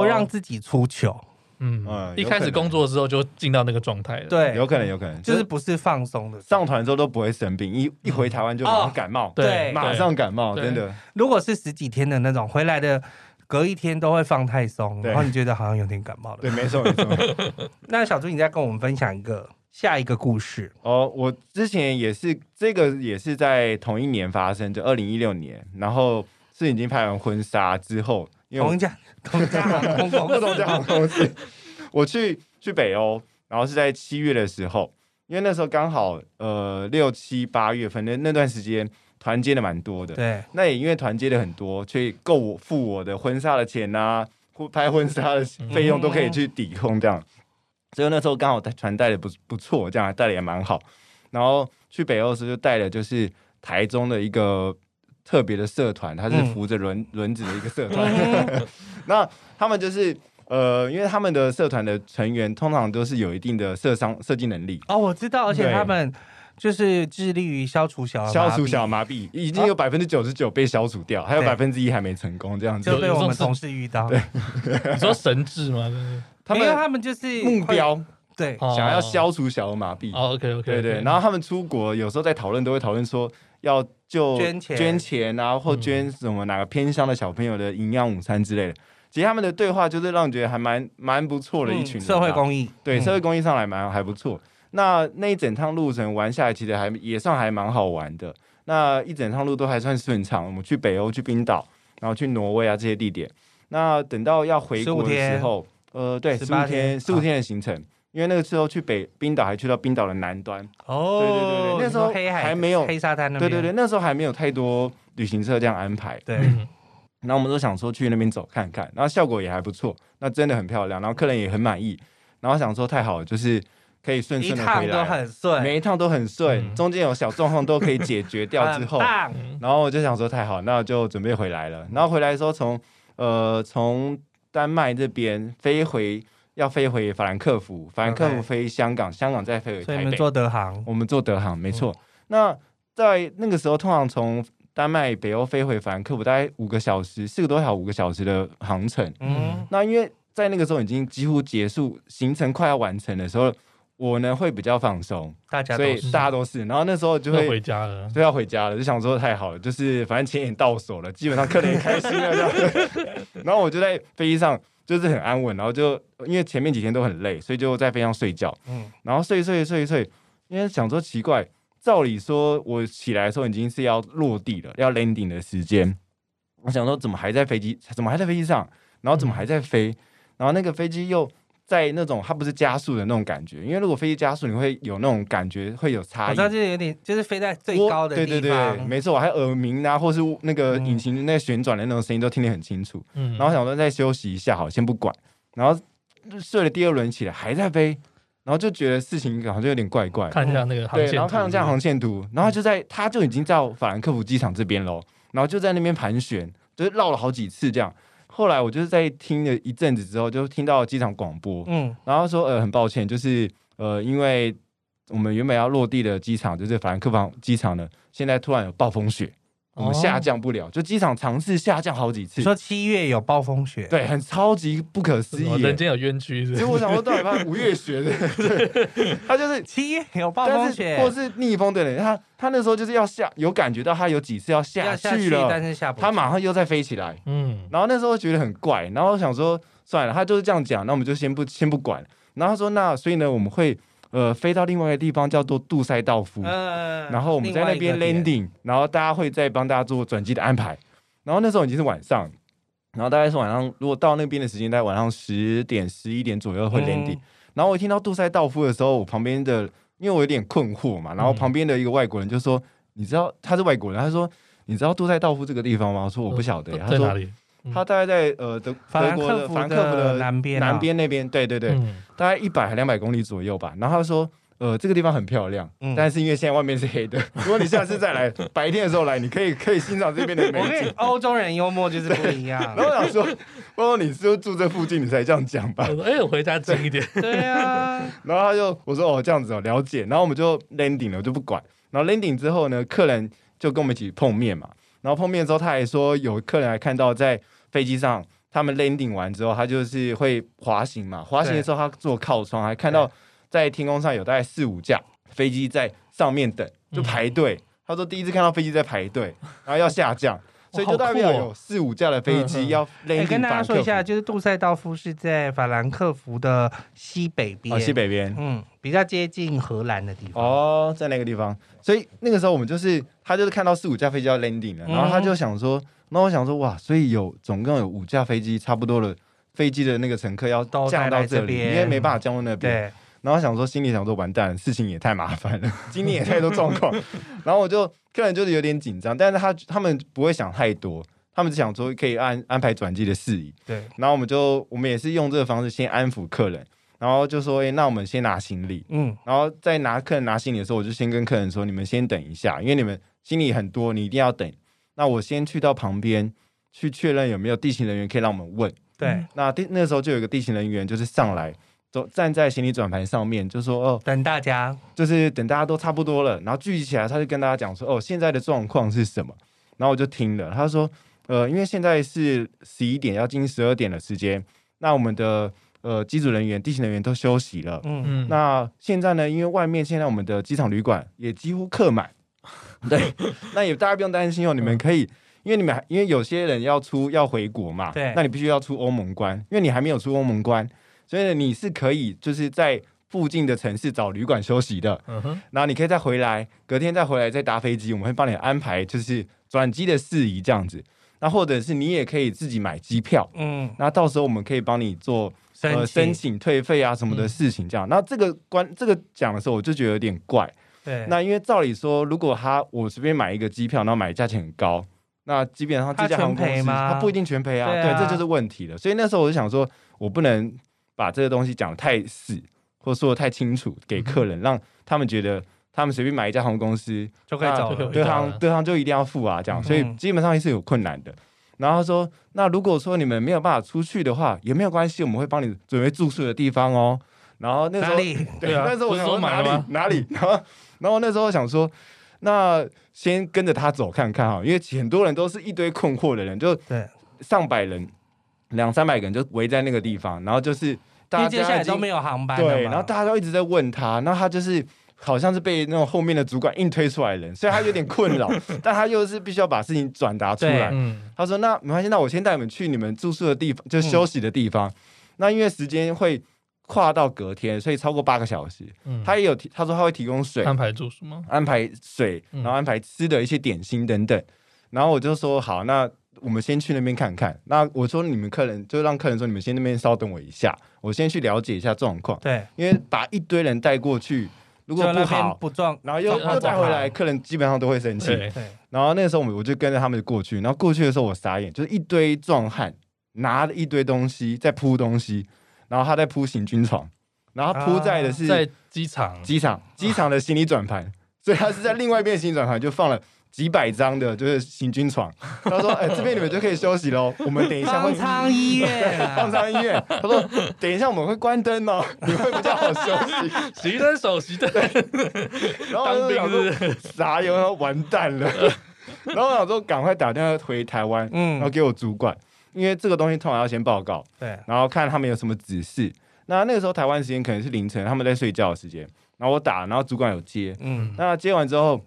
[SPEAKER 2] 哦、讓自己出糗。嗯,嗯，一開始
[SPEAKER 3] 工作之後就進到
[SPEAKER 2] 那個狀態了。對，有可能，有可能，就是不是放鬆
[SPEAKER 1] 的。上團之後都不會生病，一、嗯、一回台灣就感
[SPEAKER 2] 冒、哦，對，馬上感冒對，真的。如果是十幾天的那種，回來的隔一天都會放太鬆，然後你覺得好像有點感冒了。對，沒錯，沒錯。沒 那小朱，你再跟我們分享一個下一個故事哦。我之前也是，這個也是在
[SPEAKER 1] 同一年發生，就二零一六年，然後是已經拍完婚紗之後。同價，
[SPEAKER 4] 同價，同房不，
[SPEAKER 1] 同價的東西。 我去去北歐，然後是在七月的時候，因為那時候剛好呃六七八月份，那那段時間團結的蠻多的。對。那也因為團結的很多，所以夠我付我的婚紗的錢吶、啊，或拍婚紗的費用都可以去抵空這樣、嗯。所以那時候剛好帶團帶的不不錯，這樣帶的也蠻好。然後去北歐的時候就帶的就是台中的一個。特別的社團，他是扶着輪輪子的一個社團。 那他們就是呃，因為他們的社團的成員通常都是有一定的設商設計能力
[SPEAKER 2] 哦，我知道。而且他們就是致力於消除小消除小
[SPEAKER 1] 兒麻痺，已經有百分之九十九被消除掉，啊、還有百分之一還沒成功，這樣子就被我們同事
[SPEAKER 2] 遇到。對 你說神智嗎？他們因為他們就是目標。對，想要
[SPEAKER 1] 消除小兒麻痹。哦、對對、哦 okay, okay, okay，然後他們出國，有時候在討論都會討論說要就捐錢啊，捐錢，然後或捐什麼哪個偏鄉的小朋友的營養午餐之類的。嗯、其實他們的對話就是讓我覺得還蠻蠻不錯的一群社會公益，對、嗯、社會公益上來還蠻還不錯。那那一整趟路程玩下來，其實還也算還蠻好玩的。那一整趟路都還算順暢。我們去北歐，去冰島，然後去挪威啊這些地點。那等到要回國的時候，呃，對，十八天，十五天，十五天的行程。因為那個時候去北冰島，還去到冰島的南端哦，對
[SPEAKER 4] 對對，那時候還沒有黑海黑沙灘那邊，對對
[SPEAKER 1] 對，那時候還沒有太多旅行社這樣安排。對，嗯、然後我們都想說去那邊走看看，然後效果也還不錯，那真的很漂亮，然後客人也很滿意，然後想說太好了，就是可以順順的回來，每一趟都很順、嗯，中間有小狀況都可以解決掉之後， 嗯、棒，然後我就想說太好，那就準備回來了。然後回來的時候從呃從丹麥這邊飛回。要飛回法蘭克福，法蘭克福飛香港，okay. 香港再飛回台北。所以你們坐德航，我們坐德航，沒錯。嗯。那在那個時候，通常從丹麥北歐飛回法蘭克福，大概五個小時，四個多小時，五個小時的航程。嗯，那因為在那個時候已經幾乎結束，行程快要完成的時候，我呢會比較放鬆。
[SPEAKER 4] 所以大
[SPEAKER 1] 家都是。然後那時候就會回家了，就要回家了，就想說太好了，就是反正錢也到手了， 基本上客人也開心了這
[SPEAKER 4] 樣。 然
[SPEAKER 1] 後我就在飛機上。就是很安穩，然後就因為前面幾天都很累，所以就在飛機上睡覺。嗯，然後睡睡睡睡，因為想說奇怪，照理說我起來的時候已經是要落地了，要 landing 的時間，我想說怎麼還在飛機，怎麼還在飛機上，然後怎麼還在飛，嗯、然後那個飛機又。在那種它不是加速的那種感覺，因為如果飛機加速，你會有那種感覺，會有差異。好像
[SPEAKER 2] 就有點，就是飛在最高的。對對對，
[SPEAKER 1] 沒錯，我還耳鳴啊，或是那個引擎那旋轉的那種聲音都聽得很清楚。嗯，然後想說再休息一下，好，先不管、嗯。然後睡了第二輪起來還在飛，然後就覺得事情好像有點怪怪。看一下那個航線圖，對，然後看一下航線圖、嗯，然後就在他就已經在法蘭克福機場這邊嘍，然後就在那邊盤旋，就是、繞了好幾次這樣。後來我就是在聽了一陣子之後，就聽到機場廣播，嗯，然後說呃，很抱歉，就是呃因為我們原本要落地的機場就是法蘭克福機場呢，現在突然有暴風雪。Oh. 我們下降不了，就機場嘗試下降好幾次。你說七月有暴風雪？對，很超級不可思議。人間有冤屈是不是？其實我想說，最怕五月雪 他就是七月有暴風雪，是或是逆風對，他他那時候就是要下，有感覺到他有幾次要下去了下去，但是下雪，他馬上又再飛起來。嗯，然後那時候覺得很怪，然後我想說算了，他就是這樣講，那我們就先不先不管。然後他說那所以呢，我們會。呃，飛到另外一個地方叫做杜塞道夫，呃、
[SPEAKER 2] 然後我們在那邊 landing，
[SPEAKER 1] 然後大家會再幫大家做轉機的安排。然後那時候已經是晚上，然後大概是晚上，如果到那邊的時間在晚上十點十一點左右會 landing、嗯。然後我一聽到杜塞道夫的時候，我旁邊的，因為我有點困惑嘛，然後旁邊的一個外國人就說：“嗯、你知道他是外國人？”他說：“你知道杜塞道夫這個地方嗎？”我說：“我不曉得。呃”他、呃、說：“在哪裡？”他大概在呃德德國的法蘭克福的南邊、啊、南邊那邊，對對對，嗯、大概一百還兩百公里左右吧。然後他說，呃，這個地方很漂亮，嗯、但是因為現在外面是黑的，嗯、如果你下次再來 白天的時候
[SPEAKER 2] 來，你可以可以欣賞這邊的美景。歐洲人幽默就是不一樣。然後我想說，
[SPEAKER 1] 我 說你是不住這附近，你才這樣講吧、欸。我回家近一點。對,
[SPEAKER 2] 對啊。 然後
[SPEAKER 1] 他就我說哦這樣子哦了解。然後我們就 landing 了，我就不管。然後 landing 之後呢，客人就跟我們一起碰面嘛。然後碰面的時候，他還說有客人還看到在飛機上，他們 landing 完之後，他就是會滑行嘛。滑行的時候他坐靠窗，還看到在天空上有大概四五架飛機在上面等，就排隊。他說第一次看到飛機在排隊，然後要下降。嗯。 所以就代表有四五架的飛機要 landing。哦，我、欸、跟大家說一下，
[SPEAKER 2] 就是杜塞道夫是在法蘭克福的西北邊，哦、西北邊，嗯，比較接近荷蘭的地方哦，在那個地方，所以那個時候我們就是他就是
[SPEAKER 1] 看到四五架飛機要 landing 了，然後他就想說，那、嗯、我想說哇，所以有總共有五架飛機，差不多的飛機的那個乘客要降到這邊，因為沒辦法降落那邊。對然後想說，心裡想說，完蛋了，事情也太麻煩了，經歷也太多狀況。 然後我就客人就是有點緊張，但是他他們不會想太多，他們只想說可以安安排轉機的事宜。對，然後我們就我們也是用這個方式先安撫客人，然後就說，誒、欸，那我們先拿行李，嗯，然後再拿客人拿行李的時候，我就先跟客人說，你們先等一下，因為你們行李很多，你一定要等。那我先去到旁邊去確認有沒有地勤人員可以讓我們問。對，那第那個時候就有個地勤人員就是上來。走，站在行李轉盤上面，就說哦，等大家，就是等大家都差不多了，然後聚集起來，他就跟大家講說哦，現在的狀況是什麼？然後我就聽了，他說呃，因為現在是十一點，要進十二點的時間，那我們的呃機組人員、地勤人員都休息了，嗯嗯，那現在呢，因為外面現在我們的機場旅館也幾乎客滿， 對，那也大家不用擔心哦，你們可以，嗯、因為你們還因為有些人要出要回國嘛，對，那你必須要出歐盟關，因為你還沒有出歐盟關。所以你是可以就是在附近的城市找旅館休息的，嗯哼，然後你可以再回來，隔天再回來再搭飛機，我們會幫你安排就是轉機的事宜這樣子。那或者是你也可以自己買機票，嗯，那到時候我們可以幫你做申呃申請退費啊什麼的事情這樣。那、嗯、這個關這個講的時候，我就覺得有點怪，對。那因為照理說，如果他我隨便買一個機票，然後買價錢很高，那基本上這家航空公司他，他不一定全賠啊，啊，對，這就是問題了。所以那時候我就想說，我不能。把這個東西講的太死，或說得太清楚，給客人、嗯、讓他們覺得他們隨便買一家航空公司就可以找、喔、可以找對方，對方就一定要付啊，這樣，嗯嗯，所以基本上也是有困難的。然後他說，那如果說你們沒有辦法出去的話，也沒有關係，我們會幫你準備住宿的地方哦、喔。然後那時候，哪裡？對啊，那時候我想說哪裡、啊？哪裡？然後然後那時候想說，那先跟着他走看看哈，因為很多人都是一堆困惑的人，就上百人，兩三百人就圍在那個地方，然後就是。大家他因為接下來都沒有航班嘛，對，然後大家都一直在問他，那他就是好像是被那種後面的主管硬推出來的人，所以他有點困擾， 但他又是必須要把事情轉達出來、嗯。他說：“那沒關係，那我先帶你們去你們住宿的地方，就休息的地方。嗯、那因為時間會跨到隔天，所以超過八個小時。嗯、他也有提，他說他會提供水，安排住宿嗎？安排水，然後安排吃的一些點心等等。嗯、然後我就說好，那。”我們先去那邊看看。那我說你們客人，就讓客人說你們先那邊稍等我一下，我先去了解一下狀況。對，因為把一堆人帶過去，如果不，不好不
[SPEAKER 2] 撞，然後又又帶回來，
[SPEAKER 1] 客人基本上都會生氣。對。然後那個時候我我就跟着他們就過去，然後過去的時候我傻眼，就是一堆壯漢拿了一堆東西在鋪東西，然後他在鋪行軍床，然後鋪在的是、啊、在機場機場機場的行李轉盤，所以他是在另外一邊行李轉盤就放了。幾百張的就是行軍床，他說：“哎、欸，這邊你們就可以休息嘍。 我們等一下會放倉音樂，放倉音樂。”他說：“等一下我們會關燈哦， 你會比較好休息，熄燈，守熄燈。 ”然後我講說：“啥 喲，完蛋了！” 然後我講說：“趕快打電話回台灣，嗯，然後給我主管、嗯，因為這個東西通常要先報告，對，然後看他們有什麼指示。那那個時候台灣時間可能是凌晨，他們在睡覺的時間。然後我打，然後主管有接，嗯，那接完之後。”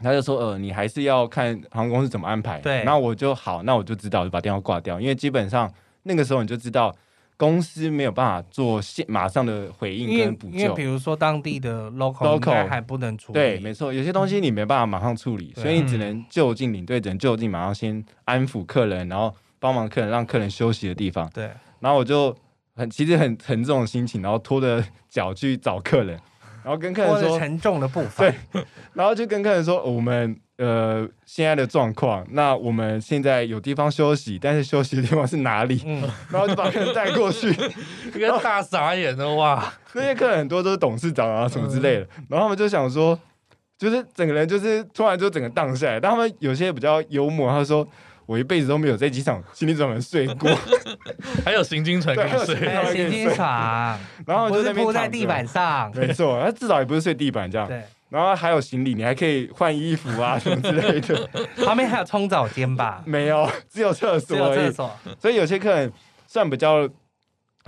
[SPEAKER 1] 他就說：“呃，你還是要看航空公司怎麼安排。”對。那我就好，那我就知道，我就把電話掛掉。因為基本上那個時候你就知道，公司沒有辦法做現馬上的回應跟補救。因為，因為比如
[SPEAKER 2] 說當地的 local local 還不能處理，對，
[SPEAKER 1] 沒錯，有些東西你沒辦法馬上處理，嗯。所以你只能就近領隊，只能就近馬上先安撫客人，然後幫忙客人讓客人休息的地方。對。然後我就很其實很沉重的心情，然後拖着腳去找客人。然
[SPEAKER 2] 後跟客人說沉重的部分，
[SPEAKER 1] 對，然後就跟客人說，哦、我們呃現在的狀況，那我們現在有地方休息，但是休息的地方是哪裡？嗯，然後就把客人帶過去，客 個大傻眼的哇，那些客人很多都是董事長啊什麼之類的、嗯，然後他們就想說，就是整個人就是突然就整個盪下來，但他們有些比較幽默，他就說。我一輩子都沒有在機場行李怎麼睡過 還有行軍
[SPEAKER 3] 床，
[SPEAKER 2] 還有行軍
[SPEAKER 1] 床，
[SPEAKER 2] 然後我就邊 不是鋪在地板上，沒
[SPEAKER 1] 錯，他至少也不是睡地板這樣。 然後還有行李，你還可以換衣服啊什麼之類的。 旁邊還有沖澡間吧？ 沒有，只有廁所。 所、所以有些客人算比較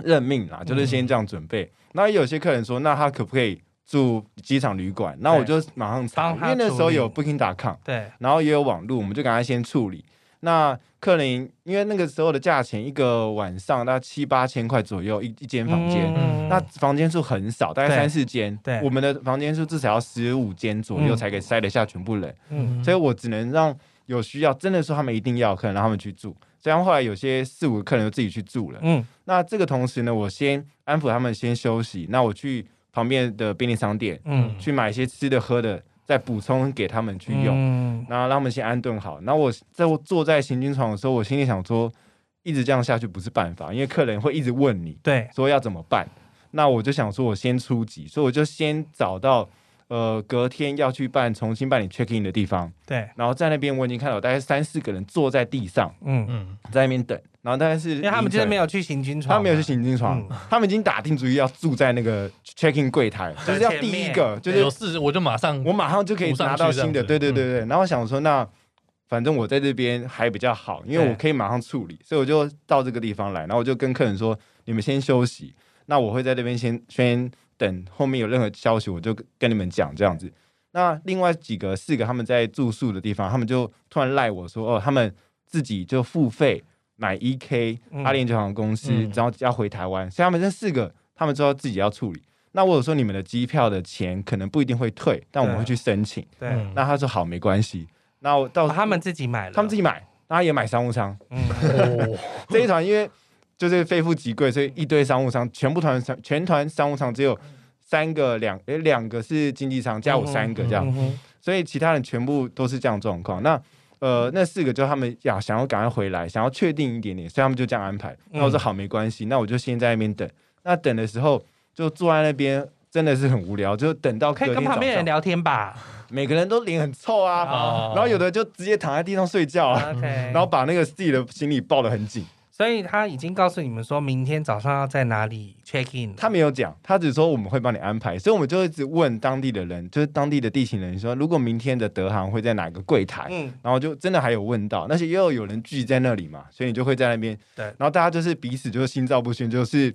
[SPEAKER 1] 認命啦，就是先這樣準備，嗯。那有些客人說，那他可不可以住機場旅館？那我就馬上幫他，因為那時候有 Booking.com，對，然後也有網路、嗯，我們就趕快先處理。那客人因為那個時候的價錢，一個晚上大概七八千塊左右一一間房間、嗯，那房間數很少，大概三四間。對，我們的房間數至少要十五間左右才可以塞得下全部人。嗯，所以我只能讓有需要，真的說他們一定要，可能讓他們去住。這樣，後來有些四五個客人就自己去住了。嗯，那這個同時呢，我先安撫他們先休息。那我去旁邊的便利商店，嗯，去買一些吃的喝的。再補充給他們去用，嗯，然後讓他們先安頓好。那我在我坐在行軍床的時候，我心裡想說，一直這樣下去不是辦法，因為客人會一直問你，對，說要怎麼辦。那我就想說，我先出擊，所以我就先找到。呃，隔天要去辦重新辦理 check-in 的地方，對，然後在那邊我已經看到大概三四個人坐在地上，嗯嗯，在那邊等，然後大概是 intern, 因為他們今天沒、啊、沒有去行
[SPEAKER 3] 軍
[SPEAKER 2] 床，他們沒有去行軍床，
[SPEAKER 1] 他們已經打定主意要住在那個 check-in 櫃台，嗯，就是要第一個就是有事
[SPEAKER 3] 我就馬上，我馬上
[SPEAKER 1] 就可以拿到新的，對對對對，嗯，然後想說那反正我在這邊還比較好，因為我可以馬上處理，所以我就到這個地方來，然後我就跟客人說，你們先休息，那我會在這邊先先。等後面有任何消息，我就跟你們講這樣子。那另外幾個四個他們在住宿的地方，他們就突然賴我說：“哦，他們自己就付費買 EK 阿聯酋航空公司、嗯，然後要回台灣。”所以他們這四個他們知道自己要處理。那我有說你們的機票的錢可能不一定會退，但我們會去申請。對、嗯。那他說好，沒關係。那我到、啊、他們自己買了，他們自己買，他也買商務艙。嗯， 這一場因為。就是非富即貴，所以一堆商務艙，全部團商，全團商務艙只有三個兩，兩、欸、兩個是經濟艙，加我三個這樣、嗯哼哼哼，所以其他人全部都是這樣狀況。那呃，那四個就他們呀，想要趕快回來，想要確定一點點，所以他們就這樣安排。那我說、嗯、好，沒關係，那我就先在那邊等。那等的時候就坐在那邊，真的是很無聊，就等到可以跟旁邊人聊天吧。 每個人都臉很臭啊、哦，然後有的就直接躺在地上睡覺、啊嗯，然後把那個自己的行李抱得很緊。所以他已經
[SPEAKER 2] 告訴你們說，明天早上要在哪裡 check in？
[SPEAKER 1] 他沒有講，他只說我們會幫你安排。所以我們就一直問當地的人，就是當地的地勤人說，說如果明天的德航會在哪個櫃台。嗯，然後就真的還有問到，那些又有人聚集在那裡嘛，所以你就會在那邊。對，然後大家就是彼此就是心照不宣，就是。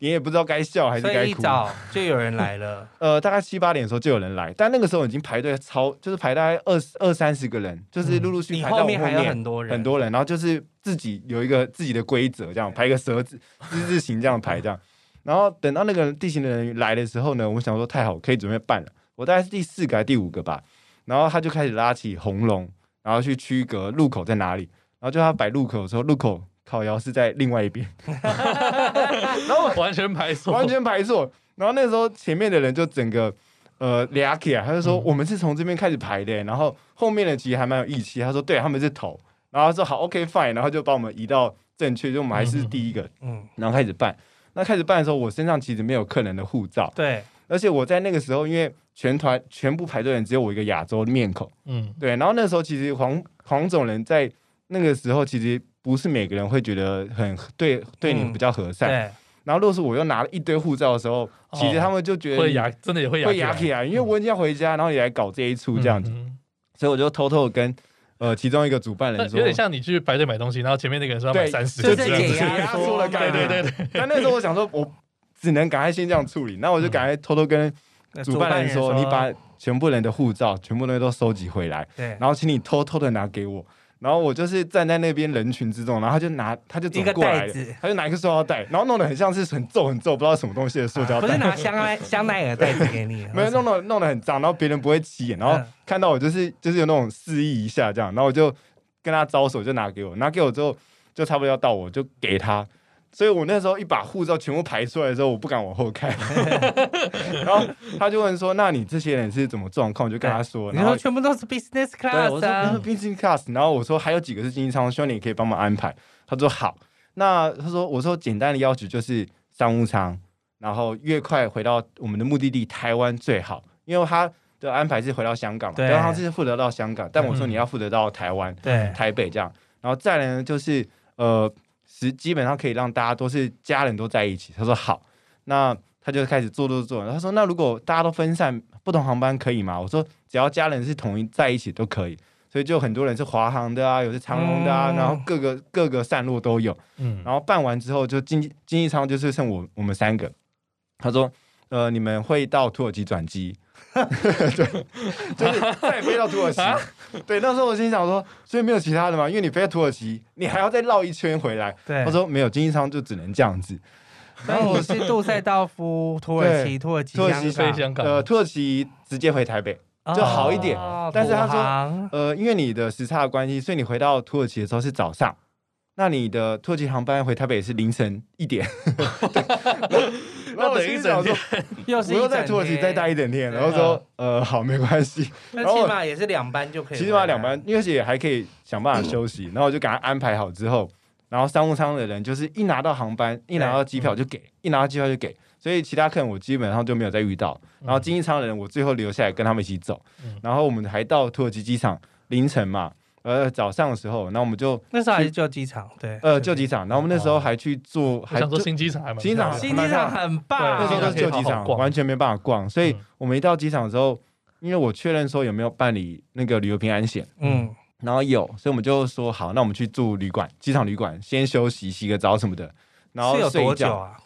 [SPEAKER 1] 你也不知道該笑還是該哭。所以一早
[SPEAKER 2] 就有人來
[SPEAKER 1] 了， 呃，大概七八點的時候就有人來，但那個時候已經排隊超，就是排大概二二三十個人，就是陸陸續續後、嗯、後面還有很多人，很多人，然後就是自己有一個自己的規則，這樣排個蛇字日字形這樣排這樣，然後等到那個地形的人來的時候呢，我想說太好，可以準備辦了，我大概是第四個還是第五個吧，然後他就開始拉起紅龍，然後去區隔入口在哪裡，然後就他擺入口的時候，入口。靠腰是在另外一邊 ， 然後 完全排
[SPEAKER 3] 錯，
[SPEAKER 4] 完全
[SPEAKER 1] 排錯。然後那時候前面的人就整個呃倆起來，他就說、嗯、我們是從這邊開始排的。然後後面的其實還蠻有義氣，他說對他們是頭，然後他說好 OK fine，然後就把我們移到正確，就我們還是第一個，嗯，嗯，然後開始辦、嗯。那開始辦的時候，我身上其實沒有客人的護照，對，而且我在那個時候因為全團全部排隊的人只有我一個亞洲面孔，嗯，對。然後那時候其實黃黃種人在那個時候其實。不是每個人會覺得很對，對你比較和善。嗯、對，然後若是我又拿了一堆護照的時候、哦，其實他們就覺得會壓，真的也會壓啊，因為我已經要回家，嗯、然後你來搞這一出這樣子，嗯嗯，所以我就偷偷跟呃其中一個主辦人說，有點
[SPEAKER 3] 像你去排隊買東西，然後前面那個人說要買三十，就解、是、壓。
[SPEAKER 1] 了， 對對對對。但那時候我想說，我只能趕快先這樣處理。那、嗯、我就趕快偷偷跟
[SPEAKER 4] 主辦人說，人說你把
[SPEAKER 1] 全部人的護照全部東西都收集回來，對，然後請你偷偷的拿給我。然後我就是站在那邊人群之中，然後他就拿，他就走過來了，一個袋子，他就拿一個塑料袋，然後弄得很像是很皺很皺，不知道什麼東西的塑膠袋、啊。不是拿香奈 香奈兒袋子給你， 沒有弄弄弄得很髒，然後別人不會起眼，嗯、然後看到我就是就是有那種示意一下這樣，然後我就跟他招手，就拿給我，拿給我之後就差不多要到，我就給他。所以我那時候一把護照全部排出來的時候，我不敢往後看。 然後他就問說：“那你這些人是怎麼狀況？”我就跟他說然：“然後全
[SPEAKER 2] 部都是 Business Class，、啊、對、我是、嗯、
[SPEAKER 1] Business Class。”然後我說：“還有幾個是經濟艙，希望你可以幫忙安排。”他說：“好。”
[SPEAKER 2] 那他說：“
[SPEAKER 1] 我說簡單的要求就是商務艙，然後越快回到我們的目的地台灣最好，因為他的安排是回到香港嘛，然後他是負責到香港、嗯，但我說你要負責到台灣，台北這樣。然後再來呢就是呃。”其實基本上可以讓大家都是家人，都在一起。他說好，那他就開始做做做。他說那如果大家都分散，不同航班可以嗎？我說只要家人是統一在一起都可以。所以就很多人是華航的啊，有些長榮的啊、嗯，然後各個各個散落都有、嗯。然後辦完之後就經濟經濟艙就是剩我我們三個。他說呃，你們會到土耳其轉機。 對，就是再也飛到土耳其。 對，那時候我心想說，所以沒有其他的嗎？因為你飛到土耳其，你還要再繞一圈回來。對，他說沒有，經濟艙就只能這樣子。嗯、 然
[SPEAKER 2] 後我是杜塞道夫，土耳其，土耳其，土耳其飛香港，呃，
[SPEAKER 1] 土耳其直接回台北就好一點。哦，但是他說，呃，因為你的時差的關係，所以你回到土耳其的時候是早上，那你的土耳其航班回台北是凌晨一點。 對
[SPEAKER 4] 那我等於想說，要是 我又在土耳其
[SPEAKER 2] 再待一,一整天，然後說，嗯、
[SPEAKER 1] 呃，好，沒關係。
[SPEAKER 2] 那起碼也是兩班就可以。
[SPEAKER 1] 起碼兩班，因為也還可以想辦法休息。嗯、然後我就給他安排好之後，然後商務艙的人就是一拿到航班，嗯、一拿到機票就給、嗯，一拿到機票就給。所以其他客人我基本上就沒有再遇到。然後經濟艙的人我最後留下來跟他們一起走、嗯。然後我們還到土耳其機場凌晨嘛。呃，早上的時候，那我們就那時候還是舊機場，呃、對，呃，舊機場，然後我們那時候還去住，還想說新機場還，新機場，新機場很棒。那時候都是舊機場，機場好好，完全沒辦法逛，所以我們一到機場的時候，因為我確認說有沒有辦理那個旅遊平安險，嗯，然後有，所以我們就說好，那我們去住旅館，機場旅館，先休息，洗個澡什麼的，然後睡覺多久啊？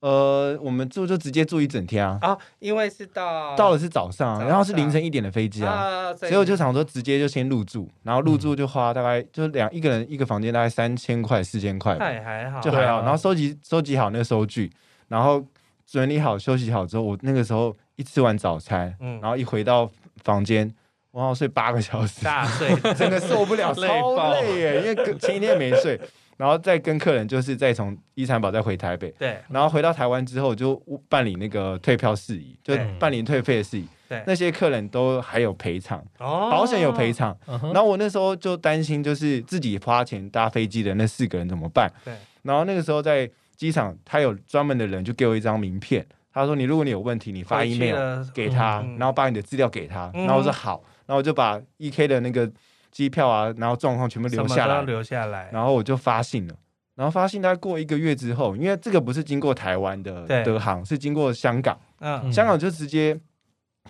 [SPEAKER 1] 呃，我們住就直接住一整天啊！啊，
[SPEAKER 2] 因為是
[SPEAKER 4] 到
[SPEAKER 1] 到了是早上，、啊、早上，然後是凌晨一點的飛機啊，啊，啊所，所以我就想說直接就先入住，然後入住就花大概就兩一個人一個房間大概三千塊四千塊，還、哎、還好，就還好。哦、然後收集收集好那個收據，然後整理好休息好之後，我那個時候一吃完早餐，嗯、然後一回到房間，哇我睡八個小時，大睡， 真的受不了，超累耶，因為前一天沒睡。 然後再跟客人就是再從伊斯坦堡再回台北，然後回到台灣之後就辦理那個退票事宜，就辦理退費的事宜。那些客人都還有賠償，哦、保險有賠償、嗯。然後我那時候就擔心，就是自己花錢搭飛機的那四個人怎麼辦？然後那個時候在機場，他有專門的人就給我一張名片，他說：“你如果你有問題，你發 email 給他，然後把你的資料給他。嗯”然後我說：“好、嗯。”然後我就把 EK 的那個。機票啊，然後狀況全部留下來留下來，然後我就發信了。然後發信大概過一個月之後，因為這個不是經過台灣的德航，是經過香港，嗯，香港就直接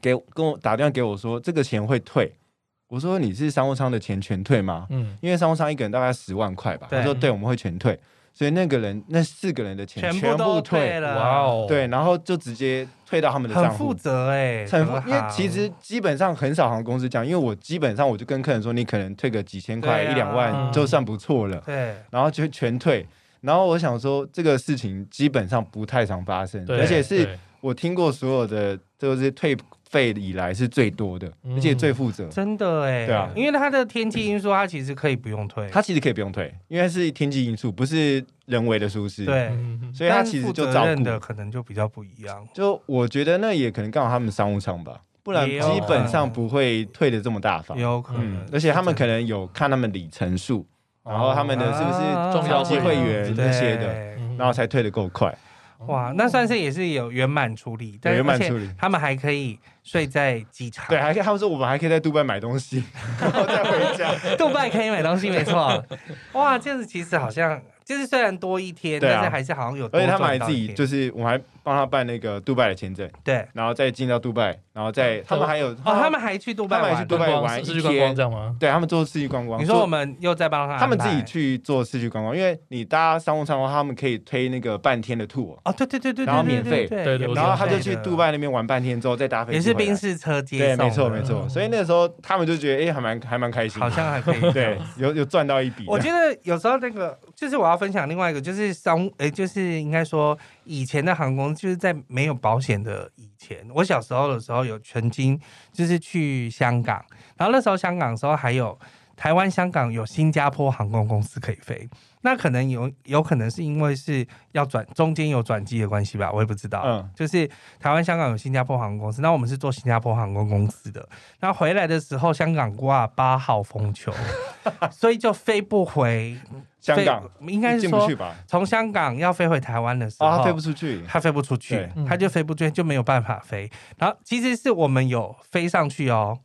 [SPEAKER 1] 給跟我打電話給我說這個錢會退。我說，你是商務艙的錢全退嗎？嗯，因為商務艙一個人大概十萬塊吧。他說對，我們會全退。所以那個人那四個人的錢全部退了。哇哦，對，然後就直接退到他們的賬戶。很負責哎，欸，很，因為其實基本上很少航空公司這樣，因為我基本上我就跟客人說，你可能退個幾千塊、啊、一兩萬就算不錯了，對，嗯，然後就全退。然後我想說，這個事情，基本上不太常發生，對，而且是我聽過所有的就是退費以來是最多的，而且最負責，嗯、
[SPEAKER 2] 真的哎，對啊，因為它的天氣因素，它、嗯、其實可以不用退，它、嗯、其
[SPEAKER 1] 實可以不用退，因為是天氣因素，不是人為的舒適，對，所以它其實就找的
[SPEAKER 2] 可能就比較不一樣。就
[SPEAKER 1] 我覺得那也可能剛好他們商務艙吧，不然基本上不會退得這麼大方，有、嗯、而且他們可能有看他們里程數，哦、然後他們的是不是重要會員那些的，啊啊、然後才退得夠快。
[SPEAKER 2] 哇，那算是也是有圓滿處，處理，而且他們還可以睡在機場，對，還他們說我們還可以在杜拜買東西， 然後再回家，杜拜可以買東西沒錯， 哇，這樣子其實好像。就是雖然多一天、啊，但是還是好像有多一天。而且他們還自己，
[SPEAKER 1] 就是我還幫他辦那個杜拜的簽證，對，然後再進到杜拜，然後再他們還有
[SPEAKER 2] 們還哦，他們還去杜拜玩，他們還去杜拜玩一天市區
[SPEAKER 1] 觀光嗎？對他們做市區觀光。你說我們
[SPEAKER 2] 又在幫他。他們自己
[SPEAKER 1] 去做市區觀光，因為你搭商務艙的話，他們可以推那個半天的 tour 哦，對對對對,對對對對，然後免費，對,對,對，然後他就去杜拜那邊玩半天之後再搭飛機也是賓士車接。對，沒錯沒錯。所以那個時候他們就覺得哎、欸，還蠻還蠻開心，好像還可以，對，
[SPEAKER 2] 有有賺到一筆。 我覺得有時候那個就是我要。分享另外一個就是商，誒、欸，就是應該說以前的航空就是在沒有保險的以前，我小時候的時候有曾經就是去香港，然後那時候香港的時候還有台灣、香港有新加坡航空公司可以飛，那可能有有可能是因為是要轉中間有轉機的關係吧，我也不知道。嗯，就是台灣、香港有新加坡航空公司，那我們是做新加坡航空公司的，那回來的時候香港掛八號風球， 所以就飛不回。香港應該是說從香港要飛回台灣的時候，哦，他飛不出去，他飛不出去，他就飛不出去，就沒有辦法飛。然後其實是我們有飛上去哦，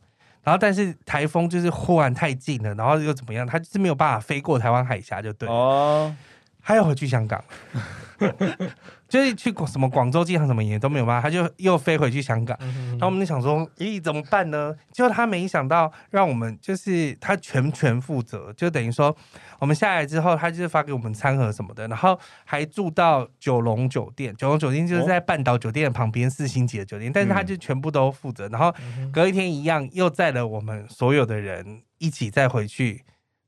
[SPEAKER 2] 然後但是台風就是忽然太近了，然後又怎麼樣？他就是沒有辦法飛過台灣海峽，就對哦，還要回去香港。 就是去廣什麼廣州機場什麼也都沒有辦法，他就又飛回去香港。嗯嗯，然後我們就想說，咦，怎麼辦呢？就他沒想到讓我們就是他全權負責，就等於說我們下來之後，他就是發給我們餐盒什麼的，然後還住到九龍酒店，哦、九龍酒店就是在半島酒店旁邊四星級的酒店，但是他就全部都負責，然後隔一天一樣又載了我們所有的人一起再回去。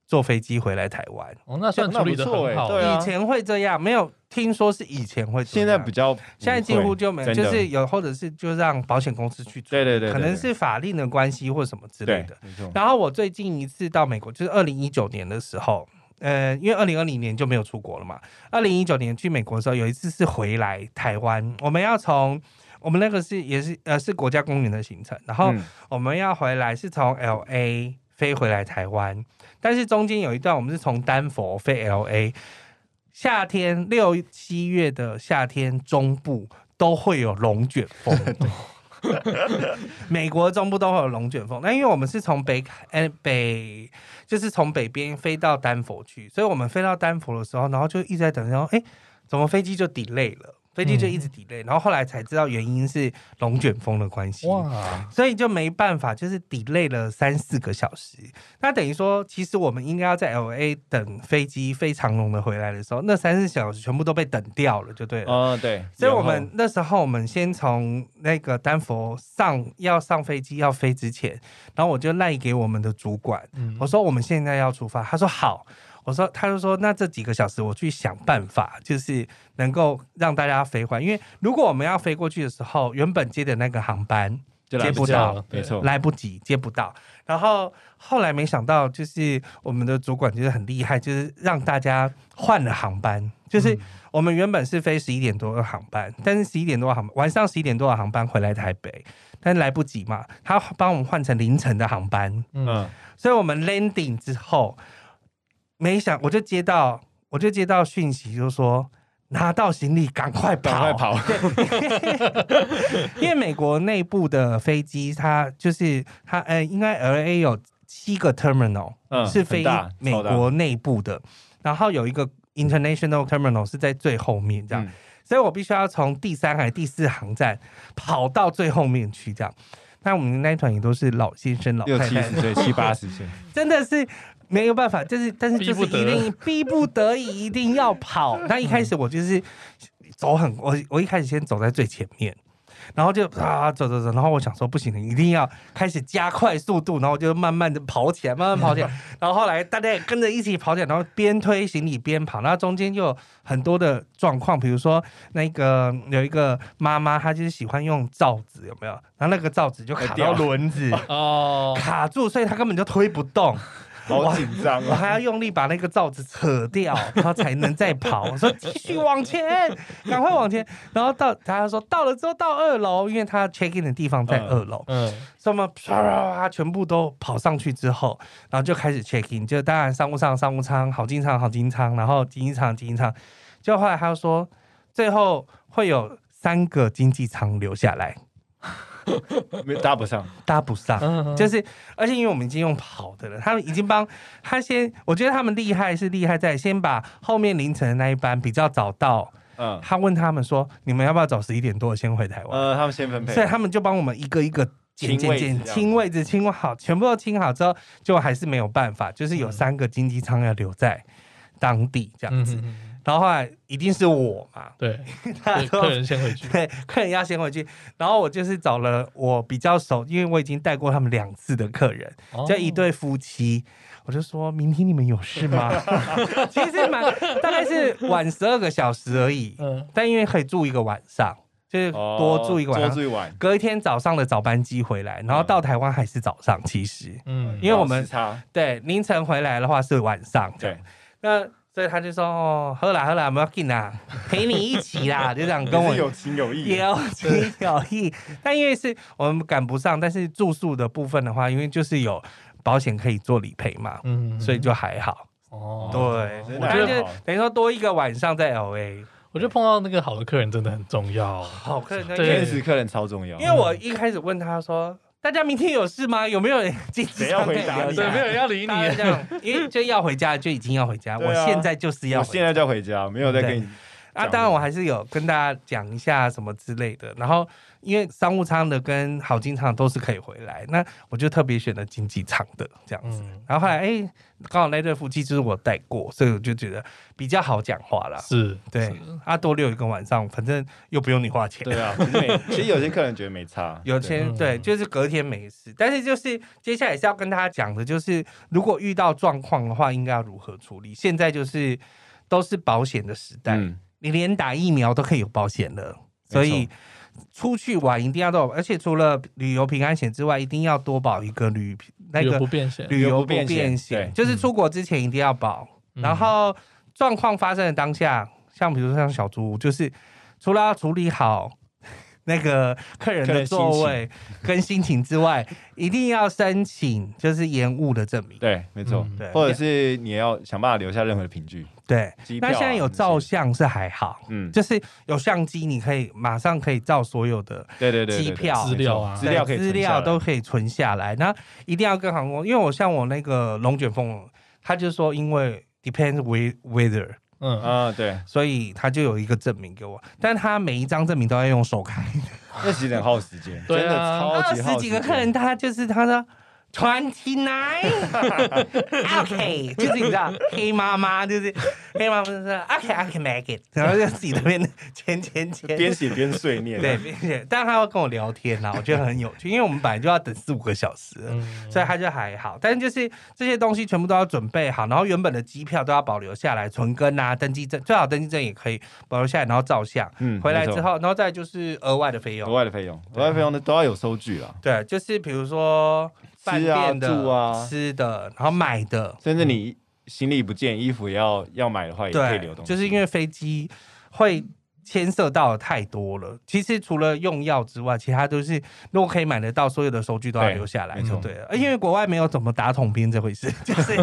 [SPEAKER 2] 坐飛機回來台灣，哦，那算處理得很好，欸。以前會這樣，沒有聽說是以前會這樣。現在比較，現在幾乎就沒，就是有，或者是就讓保險公司去做。對對對，對對對，可能是法令的關係或什麼之類的。然後我最近一次到美國，就是二零一九年的時候，呃，因為二零二零年就沒有出國了嘛。二零一九年去美國的時候，有一次是回來台灣，我們要從我們那個是也是呃是國家公園的行程，然後我們要回來是從 LA，嗯。飛回來台灣，但是中間有一段，我們是從丹佛飛 LA，夏天六七月的夏天，中部都會有龍捲風， 美國中部都會有龍捲風。那因為我們是從北呃北，就是從北邊飛到丹佛去，所以我們飛到丹佛的時候，然後就一直在等說，然後哎，怎麼飛機就 delay 了？飛機就一直 delay，、嗯、然後後來才知道原因是龍捲風的關係，哇！所以就沒辦法，就是 delay 了三四個小時。那等於說，其實我們應該要在 LA 等飛機飛長榮的回來的時候，那三四小時全部都被等掉了，就對了。哦，對。所以我們那時候，我們先從那個丹佛上要上飛機要飛之前，然後我就賴給我們的主管、嗯，我說我們現在要出發，他說好。我說，他就說，那這幾個小時我去想辦法，就是能夠讓大家飛回。因為如果我們要飛過去的時候，原本接的那個航班就來不及了，接不到，沒錯，來不及接不到。然後後來沒想到，就是我們的主管就是很厲害，就是讓大家換了航班。就是我們原本是飛十一點多的航班，但是十一點多航班，晚上十一點多的航班回來台北，但是來不及嘛，他幫我們換成凌晨的航班。嗯，所以我們 landing 之後。沒想，我就接到，我就接到訊息就是，就說拿到行李趕快跑，趕快跑 因為美國內部的飛機，它就是它，呃，應該 L A 有七個 terminal，嗯、是飛美國內部的，然後有一個 international terminal 是在最後面，這樣，嗯，所以我必須要從第三還是第四航站跑到最後面去，這樣。那我們那團也都是老先生、老太太，六七十歲、 七八十歲，真的是。沒有辦法，就是但是就是一定逼不得已一定要跑。 那一開始我就是走很，我我一開始先走在最前面，然後就啊走走走，然後我想說不行，一定要開始加快速度，然後我就慢慢的跑起來，慢慢跑起來， 然後後來大家也跟着一起跑起來，然後邊推行李邊跑，然後中間就有很多的狀況，比如說那個有一個媽媽，她就是喜歡用罩子，有沒有？然後那個罩子就卡到輪子 哦，卡住，所以她根本就推不動。好緊張，我還要用力把那個罩子扯掉，它 才能再跑。我說，繼續往前，趕 快往前。然後到，他說到了之後到二樓，因為他 check in 的地方在二樓。嗯。嗯，所以啪啦啪啦，全部都跑上去之後，然後就開始 check in，就當然商務艙、商務艙、好經濟艙、好經濟艙，然後經濟艙、經濟艙。就後來他就說，最後會有三個經濟艙留下來。搭 不上，搭 不上，就是，而且因為我們已經用跑的了，他們已經幫他先，我覺得他們厲害是厲害在先把後面凌晨的那一班比較早到，嗯，他問他們說，你們要不要早十一點多先回台灣？
[SPEAKER 1] 呃，他們先分配，所以他
[SPEAKER 2] 們就幫我們一個一個清清清清位置，清好，全部都清好之後，就還是沒有辦法，就是有三個經濟艙要留在當地這樣子。嗯哼哼然後後來一定是我嘛？對，他說客人先回去，對，客人要先回去。然後我就是找了我比較熟，因為我已經帶過他們兩次的客人，哦、就一對夫妻。我就說，明天你們有事嗎？
[SPEAKER 4] 其實蠻大概是晚
[SPEAKER 2] 十二個小時而已，嗯，但因為可以住一個晚上，就是多住一個晚上，哦、住一晚，隔一天早上的早班機回來，然後到台灣還是早上。其實，嗯，因為我們對凌晨回來的話是晚上。對，那。所以他就說哦，喝啦喝啦，不要緊啦，
[SPEAKER 4] 陪你一起啦， 就這樣跟我有情有義，有情
[SPEAKER 2] 有義。但因為是我們趕不上，但是住宿的部分的話，因為就是有保險可以做理賠嘛，嗯，嗯，嗯，所以就還好。哦，對，我覺得等於說多一個晚上在 L A，我
[SPEAKER 3] 就碰到那個好的客人真的很重要，好客人，天使客人超
[SPEAKER 2] 重要。因為我一開始問他說，大家明天有事嗎？有沒有人、啊？誰要回答？對，沒有人要理你 因為就要回家，就已經要回家。啊、我現在就是要回家，我現在就要回家，沒有在跟你。啊， 當然我還是有跟大家講一下什麼之類的，然後。因為商務艙的跟好經濟艙都是可以回來，那我就特別選了經濟艙的這樣子、嗯。然後後來，哎，剛好那對夫妻就是我帶過，所以我就覺得比較好講話了。是對，阿、啊、多留一個晚上，反正又不用你花錢。對啊，其實,其實有些客人覺得沒差， 有些對、嗯，就是隔天沒事。但是就是接下來是要跟大家講的，就是如果遇到狀況的話，應該要如何處理？現在就是都是保險的時代、嗯，你連打疫苗都可以有保險了，所以。出去玩一定要到，而且除了旅遊平安險之外，一定要多保一個旅那個旅遊不便險，就是出國之前一定要保。然後狀況發生的當下、嗯，像比如說像小朱，就是除了要處理好，那個客人的座位跟心情之外，一定要申請就是延誤的， 的證明。對，沒錯。對，或者是
[SPEAKER 1] 你要想辦
[SPEAKER 2] 法留下任何的憑據。對、啊，那現在有照相是還好，嗯，就是有相機，你可以馬上可以照所有的機，對對對，對，機票資料啊，資料資料都可以存下來。那一定要跟航空，因為我，像我那個龍捲風，他就說因為 depends we weather。嗯啊對、嗯，所以他就有一個證明給我，嗯、但他每一張證明都要用手開，那、嗯、幾點耗時間、啊，真的超級耗時間。十幾個客人他就是他說。Twenty nine, OK, 就是你知道，黑媽媽就是黑媽媽是 OK, OK, I can make it， 然後就自己這邊簽簽簽，邊寫邊碎念。對，邊寫，但他會跟我聊天吶、啊， 我覺得很有趣，因為我們本來就要等四五個小時、嗯，所以他就還好。但是就是這些東西全部都要準備好，然後原本的機票都要保留下來，存根啊，登機證最好登機證也可以保留下來，然後照相。嗯，回來之後，然後再就是額外的費用，額外的費用，額外費用的都要有收據啊。對，就是比如說。吃啊，住啊，吃的，然後買的，甚至
[SPEAKER 1] 你行李不見，嗯、衣服要要買的話也可以留東西。就
[SPEAKER 2] 是因為飛機會牽涉到的太多了。其實除了用藥之外，其他都是如果可以買得到，所有的收據都要留下來，就對了對、嗯。因為國外沒有怎麼打統編這回事， 就是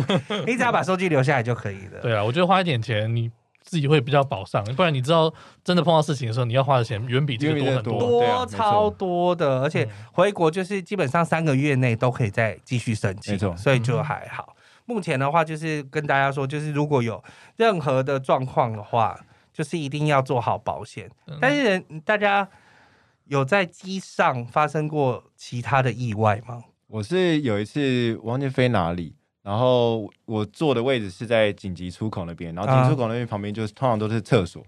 [SPEAKER 2] 你只要把收據留下來就可以了。 對啊，我覺得花一點錢你。自己會比較保障，不然你知
[SPEAKER 3] 道，真的碰到事情的時候，你要花的錢遠比這個多很多，多，多
[SPEAKER 2] 超多的、啊。而且回國就是基本上三個月內都可以再繼續申請，沒錯。所以就還好、嗯。目前的話就是跟大家說，就是如果有任何的狀況的話，就是一定要做好保險。嗯、但是人大家有在機上發生過其他的意外嗎？我是
[SPEAKER 1] 有一次忘記飛哪裡。然後我坐的位置是在緊急出口那邊，然後緊急出口那邊旁邊就是、啊、通常都是廁所，